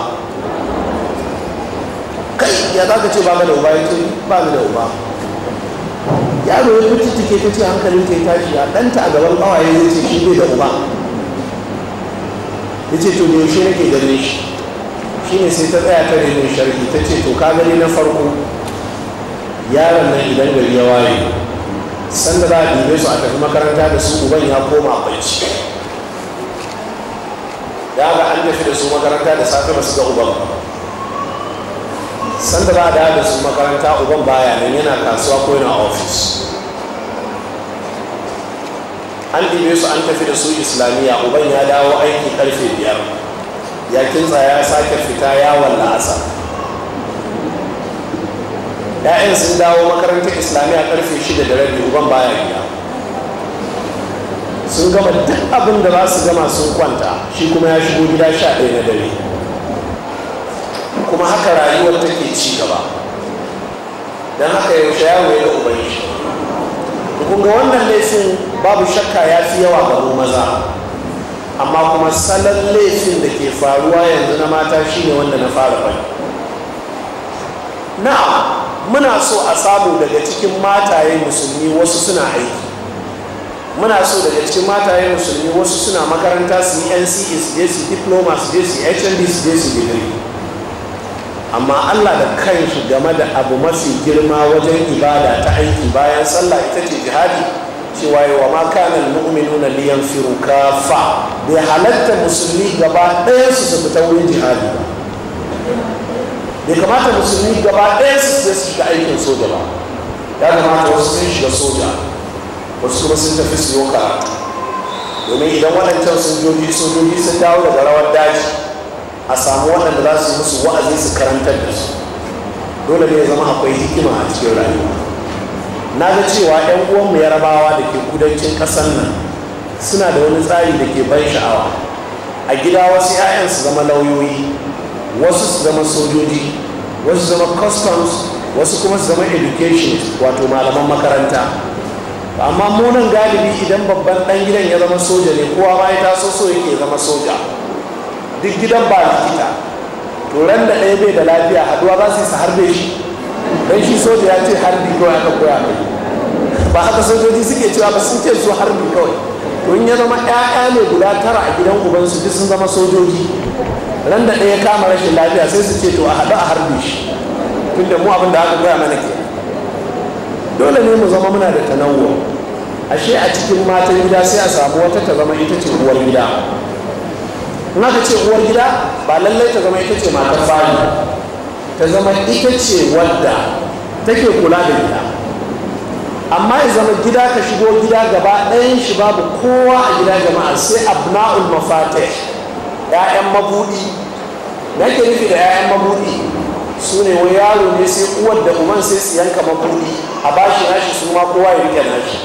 kai ya za ka ce ba mana uba ya ce ba mu da uba yaro ya fi take ta ce hankalin ta ya tashi a ɗanta a gaban ƙawaye ya ce shi bai da uba ya ce to da yaushe nake gane shi shi ne sai ta tsaya ta rene sharhi ta ce to ka gani na farko yaron nan idan gari ya waye sanda za a dube su a tafi makaranta da su uban ya koma kwanci ya ga an tafi da su makaranta da safe ba su ga uban sanda ba da da su makaranta uban baya nan yana kasuwa ko yana ofis an ɗibe su an tafi da su islamiyya uban ya dawo aiki karfe biyar ya kinsa ya sake fita yawon la'asa ya'yan sun dawo makarantar islamiyya karfe shida da rabi uban baya gida sun gama duk abin da ba su gama sun kwanta shi kuma ya shigo gida sha ɗaya na dare kuma haka rayuwar take ci gaba don haka yaushe yaro ya uban shi kun ga wannan laifin babu shakka ya fi yawa ga mu maza amma kuma salon laifin da ke faruwa yanzu na mata shi ne wanda na fara bai na'am muna so a samu daga cikin mataye musulmi wasu suna aiki muna so daga cikin mataye musulmi wasu suna makaranta su yi ncs su je su diploma su je su hnd su je degree amma allah da kanshi game da abu masu girma wajen ibada ta aiki bayan sallah ita ce jihadi cewa yi wa makanan na liyan firu kafa bai halatta musulmi gaba ɗaya su su fita wurin jihadi ba bai kamata musulmi gaba ɗaya su su shiga aikin soja ba ya kamata wasu sun shiga soja wasu kuma sun tafi siyo karatu domin idan waɗancan sojoji sojoji sun dawo daga rawar daji a samu waɗanda za su musu wa'azi su karantar da su dole ne ya zama akwai hikima a cikin rayuwa na ga cewa 'yan uwanmu yarabawa da ke kudancin ƙasar nan suna da wani tsari da ke ban sha'awa a gida wasu 'ya'yan su zama lauyoyi wasu su zama sojoji wasu su zama customs wasu kuma su zama education wato malaman makaranta amma munan galibi idan babban ɗan gidan ya zama soja ne kowa ma ya taso so yake zama soja duk gidan ba likita to ran da ɗaya bai da lafiya haduwa ba su su harbe shi dan shi soja ya ce harbi kawai aka koya mai ba haka sojoji suke cewa ba sun ce su harbi kawai to in ya zama ƴaƴa ne guda tara a gidan ubansu duk sun zama sojoji ran da ɗaya kama rashin lafiya sai su ce to a haɗu a harbe shi tunda mu abin da aka koya mana ke dole ne mu zama muna da tanawo ashe a cikin matan gida sai a samu wata ta zama ita ce uwar gida na aka ce uwar gida ba lallai ta zama ita ce matar fari ta zama ita ce wadda take kula da gida amma ya zama gida ka shigo gida gaba ɗayan shi babu kowa a gida jama'a sai abna'ul mafate ya'yan mabudi ke nufi da ya'yan mabudi su ne wani yaro ne sai uwar da uman sai siyan ka mabudi a bashi nashi su ma kowa ya rike nashi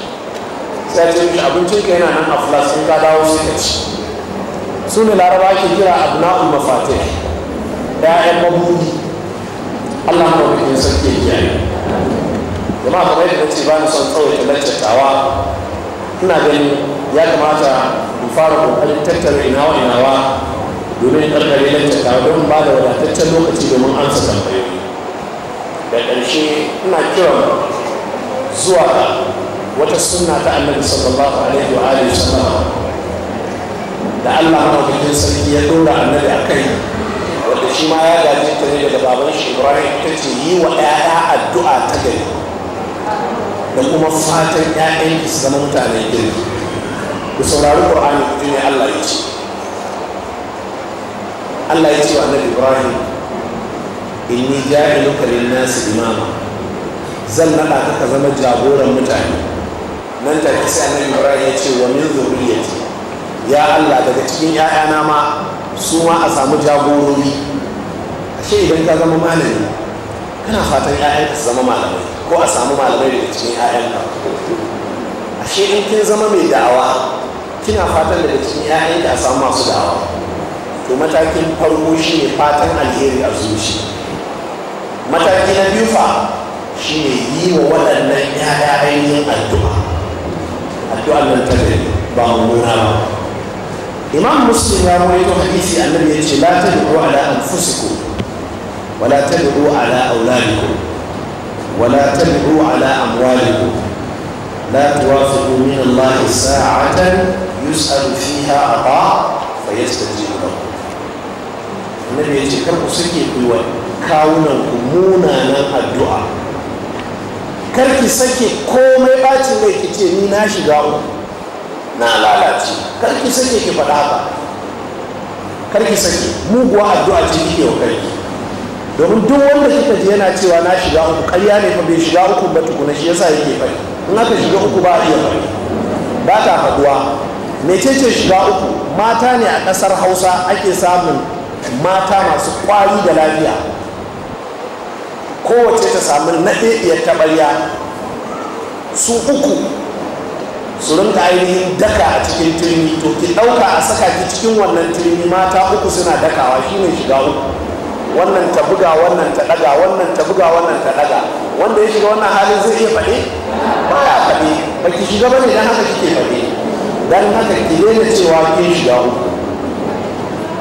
sai ce mishi abincin ka yana nan a flas in ka dawo sai ka ci su ne laraba ke kira abna'ul mafate ya'yan mabudi allah maɗaukakin sarki ya kiyaye jama'a kamar yadda ce ba ni son tsawaita lantattawa ina ganin ya kamata in fara kokarin tattara ina wa domin ƙarƙare lantattawa don ba da wadataccen lokaci domin amsa tambayoyi da ƙarshe ina kiran zuwa wata sunna ta annabi sallallahu alaihi wa alihi sallam da allah maɗaukakin sarki ya ɗora annabi a kai wanda shi ma ya gaji ta ne daga baban shi ibrahim ta ce yi wa ɗaya addu'a ta gari da kuma fatan ƴaƴan ki su zama mutanen girki ku saurari Al-Qur'ani ku ne allah ya ce allah ya ce wa annabi ibrahim inni ja'iluka lin-nasi imama zan naɗa ka ka zama jagoran mutane nan take sai annabi ibrahim ya ce wa min zurriyyati ya allah daga cikin 'ya'yana ma su ma a samu jagorori ashe idan ka zama malami kana fatan 'ya'yanka su zama malamai ko a samu malamai daga cikin 'ya'yanka ashe in kai zama mai da'awa kina fatan daga cikin 'ya'yanka a samu masu da'awa to matakin farko shi ne fatan alheri a zuci mataki na biyu fa shi ne yi wa waɗannan 'ya'ya ainihin addu'a addu’a nan ta ba mu nuna ba imam muslim ya rawaito hadisi annabi ya ce la tad'u ala anfusikum wala tad'u ala auladikum wala tad'u ala amwalikum la tuwafiqu min Allah sa'atan yus'alu fiha ata fa yastajibu lakum annabi ya ce kar ku sake ku kawunan ku munanan addu'a kar ki sake komai bacin rai ki ce ni na shiga uku na lalace karki sake ki faɗa ba karki sake muguwa addu'a ce kike wa karki domin duk wanda kika ji yana cewa na shiga uku ƙarya ne fa bai shiga uku ba tukuna shi yasa yake fari. in aka shiga uku ba a iya fari. ba ta faɗuwa mecece shiga uku mata ne a ƙasar hausa ake samun mata masu ƙwari da lafiya kowace ta samu ɗaya iya taɓarya su uku su rinka ainihin daka a cikin turmi to ki ɗauka a saka ki cikin wannan turmi mata uku suna dakawa ne shiga uku wannan ta buga wannan ta ɗaga wannan ta buga wannan ta ɗaga wanda ya shiga wannan halin zai iya faɗe ba ya faɗe ba ki shiga ba ne don haka kike faɗe don haka ki daina cewa ki shiga uku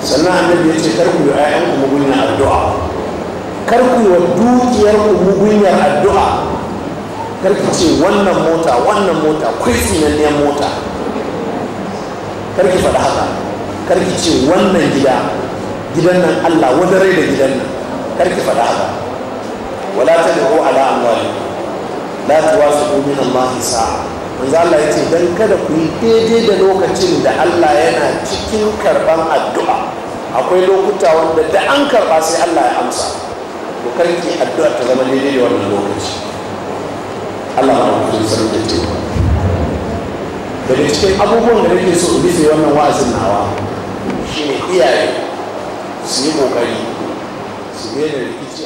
sannan annabi ya ce kar ku yi ayyanku mugunyar addu'a kar ku yi wa dukiyar ku mugunyar addu'a karki ce wannan mota wannan mota kwaifinanniyar mota karki faɗa haka karki ce wannan gida gidan nan allah wadarai da gidan nan karki faɗa haka wala ta da ala amwali la tuwasu ma allah sa wanzu allah ce don kada ku yi daidai da lokacin da allah yana cikin karban addu'a akwai lokuta wanda da an karɓa sai allah ya amsa to karki addu'a ta zama daidai da wannan lokaci Allah ma da san da ce daga cikin abubuwan da nake so in rufe wannan wa'azin nawa shine iyaye su yi kokari su daina rikici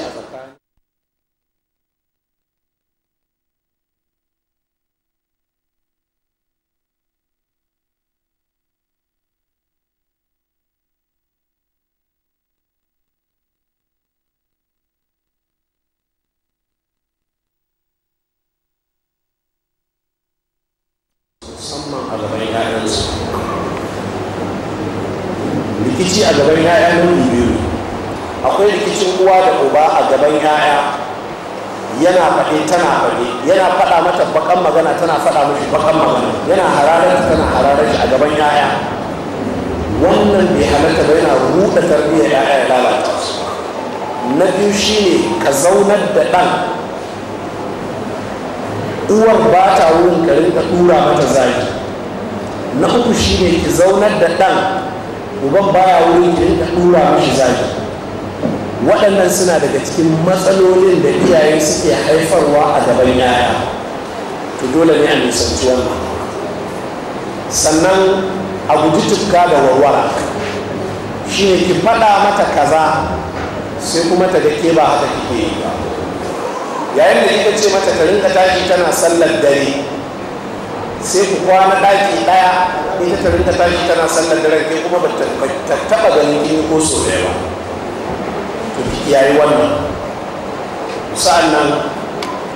a gaban yaya nau'i biyu akwai rikicin uwa da uba a gaban yaya yana faɗe tana faɗe yana faɗa mata bakan magana tana faɗa mata bakan magana yana hararar tana hararar a gaban yaya wannan bai halatta ba yana ruɗa tarbiyyar yaya ya lalata na biyu shine ka zaunar da ɗan uwar ba ta wurin ka rinka ɗura mata zaki na uku shine ki zaunar da ɗan uban baya wuri da ya dura mashi zaki waɗannan suna daga cikin matsalolin da iyaye suke haifarwa a gaban yaya to dole ne a nisanci wannan sannan a guji tukka da warwara shi ne ki faɗa mata kaza sai kuma ta dake ba haka kike yi ba yayin da kika ce mata ta rinka tashi tana sallar dare sai ku kwana ɗaki ɗaya ita ta ta tashi tana sallar daren kai kuma ba ta taɓa ganin kin ko so da ba to yayi wannan sa'an nan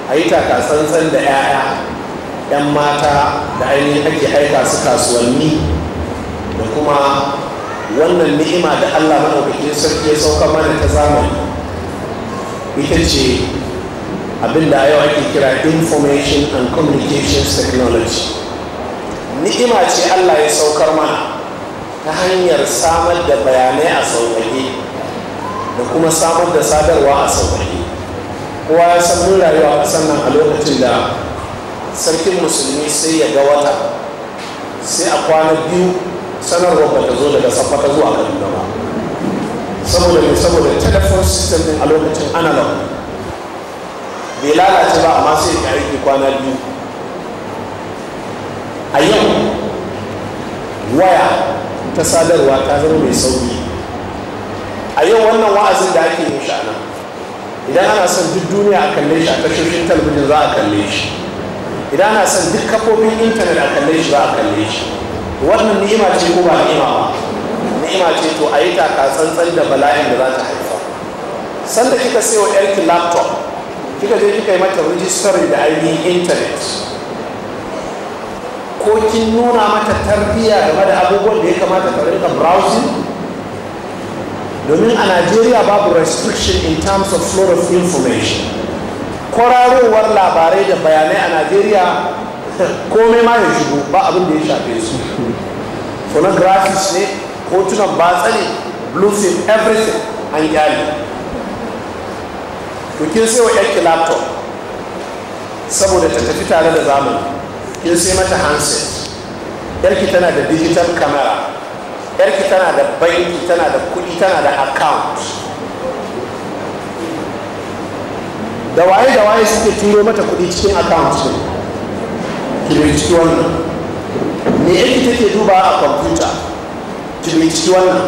a yi taka tsantsan da 'ya'ya 'yan mata da ainihin ake aika su kasuwanni da kuma wannan ni'ima da allah maɗaukakin sarki ya sauka mana ta zamani ita ce Abin abinda yau ake kira information and communications technology ni'ima ce allah ya saukar mana ta hanyar samar da bayanai a sauƙaƙe da kuma samar da sadarwa a sauƙaƙe kowa ya san mun rayuwa ƙasar nan a lokacin da sarkin musulmi sai ya ga wata sai a kwana biyu sanarwar ba ta zo daga safa zuwa kaduna ba saboda ne saboda telephone system a lokacin analog bai lalace ba amma sai ya aiki kwana biyu a yau waya ta sadarwa ta zama mai sauki a yau wannan wa'azin da ake yin shana idan ana son duk duniya a kalle shi a tashoshin talabijin za a kalle shi idan ana son duk kafofin intanet a kalle shi za a kalle shi wannan ni'ima ce ko ba ni'ima ba ni'ima ce to a yi taka tsantsan da bala'in da za ta haifa sanda kika sayo yarki laptop kika je kika yi mata rijistar da ainihin intanet ko kin nuna mata tarbiyya game da abubuwan da ya kamata ta rinka browsing domin a najeriya babu restriction in terms of flow of information kwararowar labarai da bayanai a najeriya komai ma ya shigo ba abin da ya shafe su phonographics ne hotunan batsa ne bluefin everything an gyale to kin sai wa yanki laptop saboda ta tafi tare da zamani kin sai mata handset yarki tana da digital camera yarki tana da banki tana da kudi tana da account da waye da waye suke turo mata kudi cikin account ne ki binciki wannan me yarki take duba a computer ki binciki wannan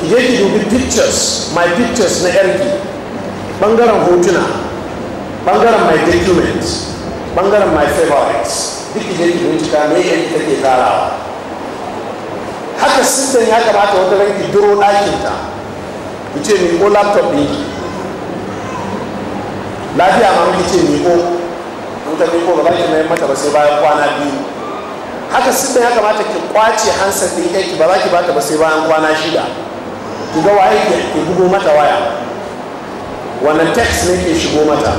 ki je ki dubi pictures my pictures na yarki bangaren hotuna bangaren my documents bangaren my favorites duk da ke bincika ne yadda take tsarawa haka sistan ya kamata wata ranki duro ɗakinta ku ce mi ko laptop ɗin lafiya ma muke ce mi ko in ta ko ba za ki mata ba sai bayan kwana biyu haka sistan ya kamata ki kwace hansa ɗin ki ba za ki bata ba sai bayan kwana shida ki ga waye ki bugo mata waya wannan text ne ke shigo mata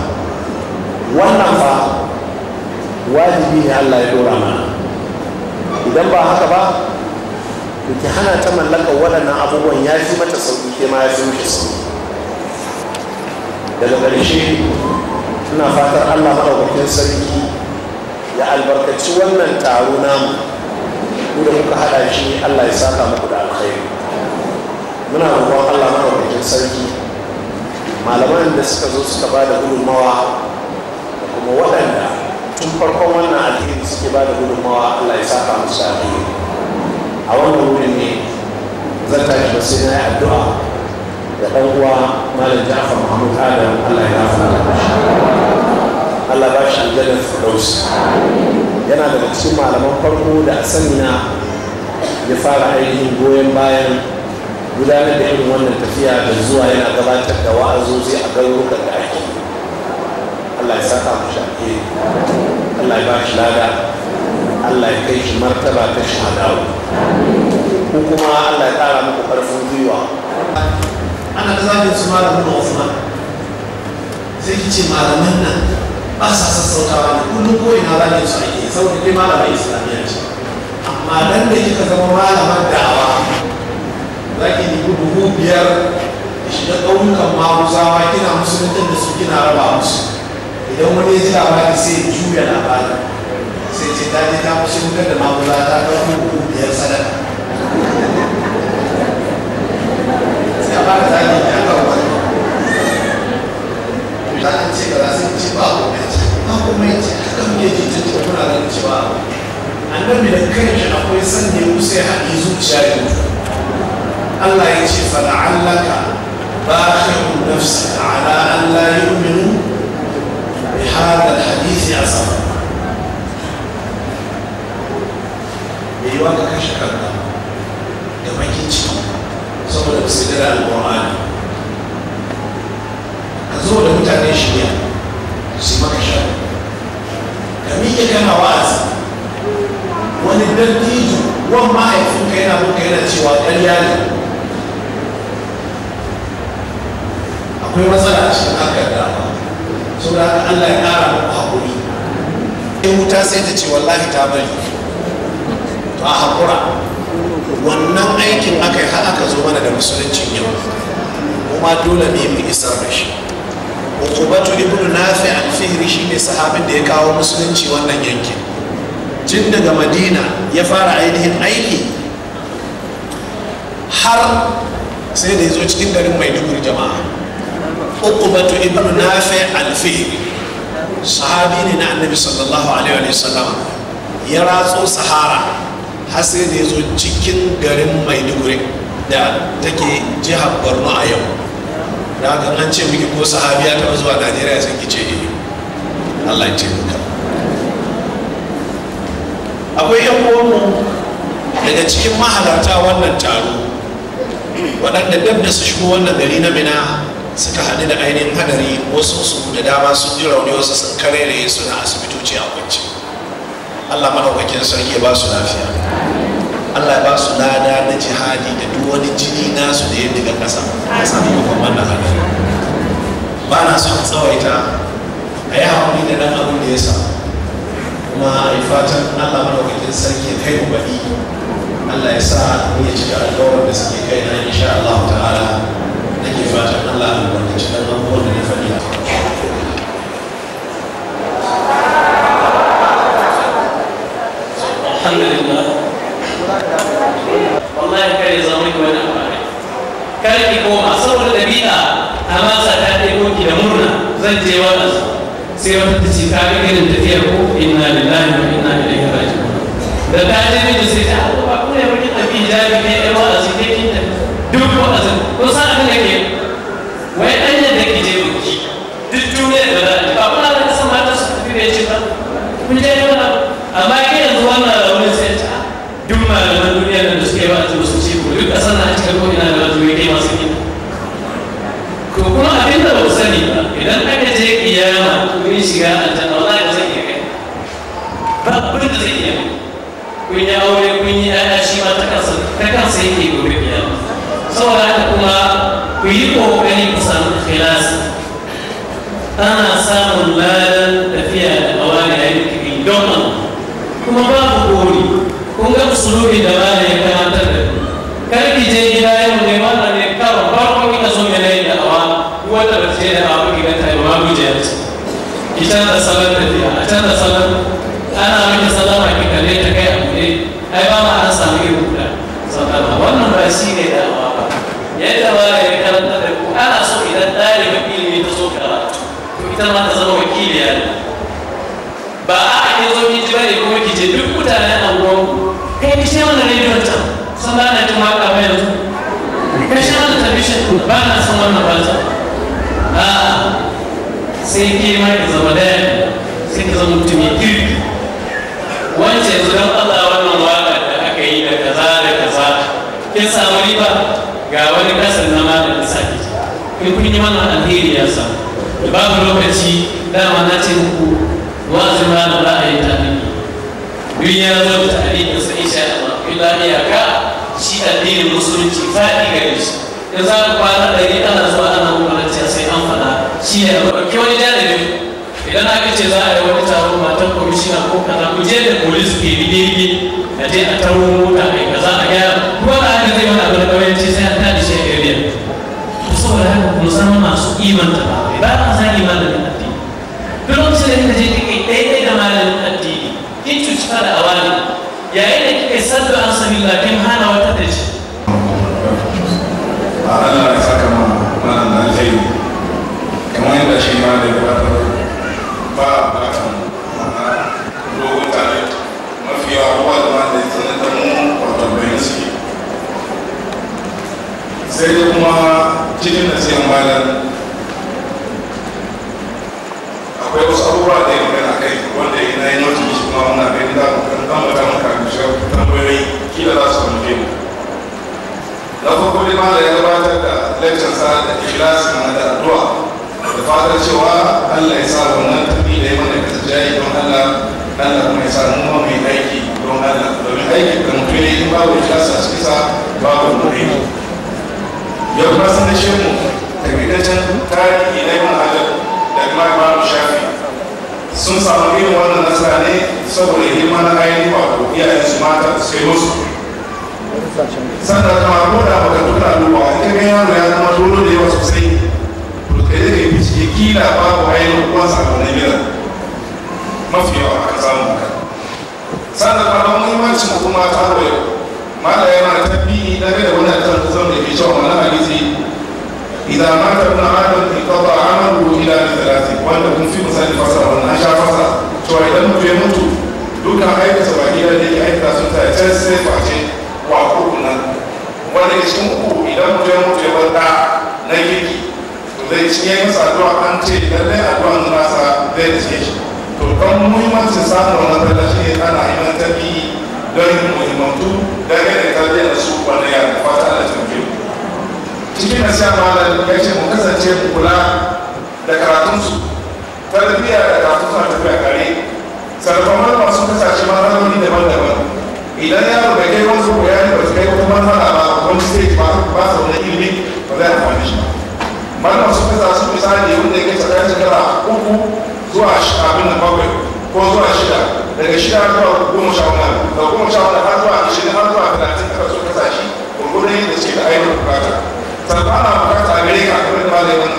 wannan ba wajibi ne allah ya dora mana idan ba haka ba to ki hana ta mallakar waɗannan abubuwan ya fi mata sauƙi ke ma ya fi mata sauƙi daga ƙarshe ina fatar allah maɗaukakin sarki ya albarkaci wannan taro namu da kuka haɗa shi allah ya saka muku da alkhairi muna roƙon allah maɗaukakin sarki malaman da suka zo suka ba da gudunmawa da kuma waɗanda tun farkon wannan addini suke ba da gudunmawa allah ya saka musu alheri a wannan wurin ne zan tashi ba sai na yi addu'a da ɗan uwa malam jafar muhammad adam allah ya rafa allah ba shi aljannar firdaus yana daga cikin malaman farko da a sanina ya fara ainihin goyon bayan gudanar da irin wannan tafiya da zuwa yana gabatar da wa'azozi a garurukan da ake Allah ya saka mu shaƙe Allah ya ba shi lada Allah ya kai shi martaba ta shahadawa ko kuma Allah ya ƙara muku ƙarfin gwiwa ana ta zagin su malamin Usman sai ki ce malaman nan ba sa sassautawa ne kullum ko ina zagin su ake saboda kai malamai islamiyya ce amma dan da kika zama malaman dawa. za ki nemi buhu biyar da shiga ƙauyukan maguzawa kina musuluntar da su kina raba musu idan wani ya ji labari sai juya labari sai ce ta je ta musuluntar da maguza ta ɗauko buhu biyar sadaka sai a fara zagi ya kan wani ta ce ba za su ci ba komai ci, ba komai ce haka muke ji ta ce kuna ganin cewa annabi da kanshi akwai sanya musu ya haɗe zuciya da mutu Allah ya ce ba a fala'allaka bakhirun nafsika ala an la yu'minu bi hadisi a sama. asaba yiwuwa ka kashe kanka da bakin ciki saboda ba su gara alƙur'ani ka zo da mutane shirya su maka sha ka miƙe kana wa'azi wani dattijo wan mahaifinka yana muka yana cewa ƙarya ne akwai matsala a cikin harkar dama saboda haka allah ya ƙara muku haƙuri in wuta sai ta ce wallahi ta bari to a haƙura wannan aikin aka yi har aka zo mana da musuluncin yau kuma dole ne mu isar da shi ukubatu ibnu nafi al-fihri shine sahabin da ya kawo musulunci wannan yankin Jin daga madina ya fara ainihin aiki har sai da ya zo cikin garin maiduguri jama'a uqbatu ibnu nafi alfi sahabi ne na annabi sallallahu alaihi wa sallam ya ratso sahara har sai da yazo cikin garin maiduguri da take jihar borno a yau da aka an ce miki ko sahabi ya taɓa zuwa najeriya sai ki ce eh, allah ya muka akwai yan uwanmu daga cikin mahalarta wannan taro waɗanda dab da su shigo wannan gari na mina suka haɗu da ainihin hadari wasu su da dama sun ji rauni wasu sun karere suna asibitoci a kwanci allah maɗaukakin sarki ya ba su lafiya allah ya ba su lada na jihadi da duk wani jini nasu da ya diga ƙasa a sakamakon wannan hadari ba na son tsawaita a yi haƙuri da nan abin da ya sa. kuma a fatan allah maɗaukakin sarki ya kai mu baɗi allah ya sa ya cika alƙawarin da suke kai na insha allah ta'ala fatan allah albarkaci ɗan abubuwan da na faɗi a alhamdulillah wallahi kare zama ki wani amfani kare ki koma saboda ɗabi'a a masa ta ɗaiko ki da murna zan je wani sai wata ta ce ka ga irin tafiyar ko inna lillahi wa inna ilaihi raji'un da ta je miji sai ta wai ɗan yadda ki je buki duk duniya da za a ji ba kuna da kasan mata su tafi da ya ce ba kun je ne ba amma ke yanzu wannan raunin sai ta duk malaman duniya nan da suka yi ba a su ce ko duk ƙasar na cikin ko ina da wajen mai kai masu gina ko kuma abin da ba sani ba idan aka je kiyama kun shiga aljanna wala ba zai iya kai ba kun da zai iya kun yi aure kun yi ɗaya shi ma ta kansa yake tana samun ladan tafiya da awali a yankin don Allah kuma babu gori kun ga usulubi da ba ya karantar da ku kar ki je gida yau ne ba ne kawai farko kika zo mai layi da awa wanda ba ce da abu ki ga tayi babu jiya ki tana salon tafiya a tana salon ana miki wancan a sai ke ma ki zama daya sai ki zama mutum ya kirki wancan yanzu don Allah wannan waƙa da aka yi da kaza da kaza kin samu riba ga wani kasar na malamin sake in kun yi mana alheri ya samu da babu lokaci dama na ce muku wa'azin ranar ra'ayin tarihi duk ya zo da tarihin sa insha Allah illa iyaka shi addinin musulunci faɗi gare shi ya za ka kwana ɗari ana zuwa ana gwamnati sai an faɗa shi ne ya ɗauki wani jami'in idan aka ce za a yi wani taro matan kwamishina ko kaza ku je da polis ke rige-rige a je a taro mota a yi kaza a gyara kuma da aka zai wani abu da ƙauyanci sai an tada shi a area saboda haka kuma san masu imanta ba ba a san imanin addini duk lokacin da kika je kike ɗaya da malamin addini kin cuta da awali yayin da kike sallu an sami lafiyar hana wata da shi Allah ya saka ma malam da alheri kamar yadda shi ma da gabatar ba a bukatan ma'ana dogon tare mafi yawa da ma ya sanar da mu wato bayan suke sai dai kuma cikin da siyan malam akwai wasu abubuwa da ya magana kai wanda ya yi na yi noti kuma wanda bai da kan kan kan kan kan kan kan kan kan kan kan wuri ma ya gabatar da sa da ikhlasi na da addu'a da fatar cewa Allah ya sa wannan tafi da yawan mana ka jayi don Allah Allah kuma ya sa mu ma mai aiki don Allah domin aiki da mutum ya yi babu ikhlasi a cikin sa babu muri yau kuma sun da shehu takaitaccen tarihi na yawan hajar da kuma imamu shafi sun samu irin wannan nasara ne saboda hidima na ainihin wato iyayen su mata su kai musu sannan kuma ko da baka duka duba yaro ya zama dole da wa sosai to kai da kai bincike kila babu ainihin kuma sakonin yana mafi yawa aka samu haka kuma don muhimmancin kuma karo yau mala yana tabbi na da wannan tarzan da ke cewa wannan hadisi idan mata ibn adam fi amalu ila thalathi wanda kun fi misali fasara wannan sha fasara to idan mutum mutu dukkan aikinsa ba gida ne ya aikata sun ta sai face wa wani cikin uku idan mutum mutu ya barka na kirki to zai cinye masa addu'a an ce lallai na nasa zai da shi to kan muhimmancin samun wannan sallah shi ne ana iman tabi don muhimmantu da ga da su wani ya fata da tafi cikin nasiya malam ya ce mu kasance mu kula da karatunsu tarbiyya da karatu suna tafiya kare sarfamar masu kasashe ma rauni daban-daban idan yaro bai kai wasu bayani ba su kai wata manzara ba wani stage ba ba su wani ilimi ba zai amfani shi ba mana su kasa su misali wanda ya kai tsakanin shekara uku zuwa abin da bakwai ko zuwa shida daga shida zuwa goma sha wani daga goma sha wani har zuwa ashirin har zuwa talatin kasa su kasa shi gurgurin yadda suke da ayyukan bukata sannan ana bukata amerika kamar da malamin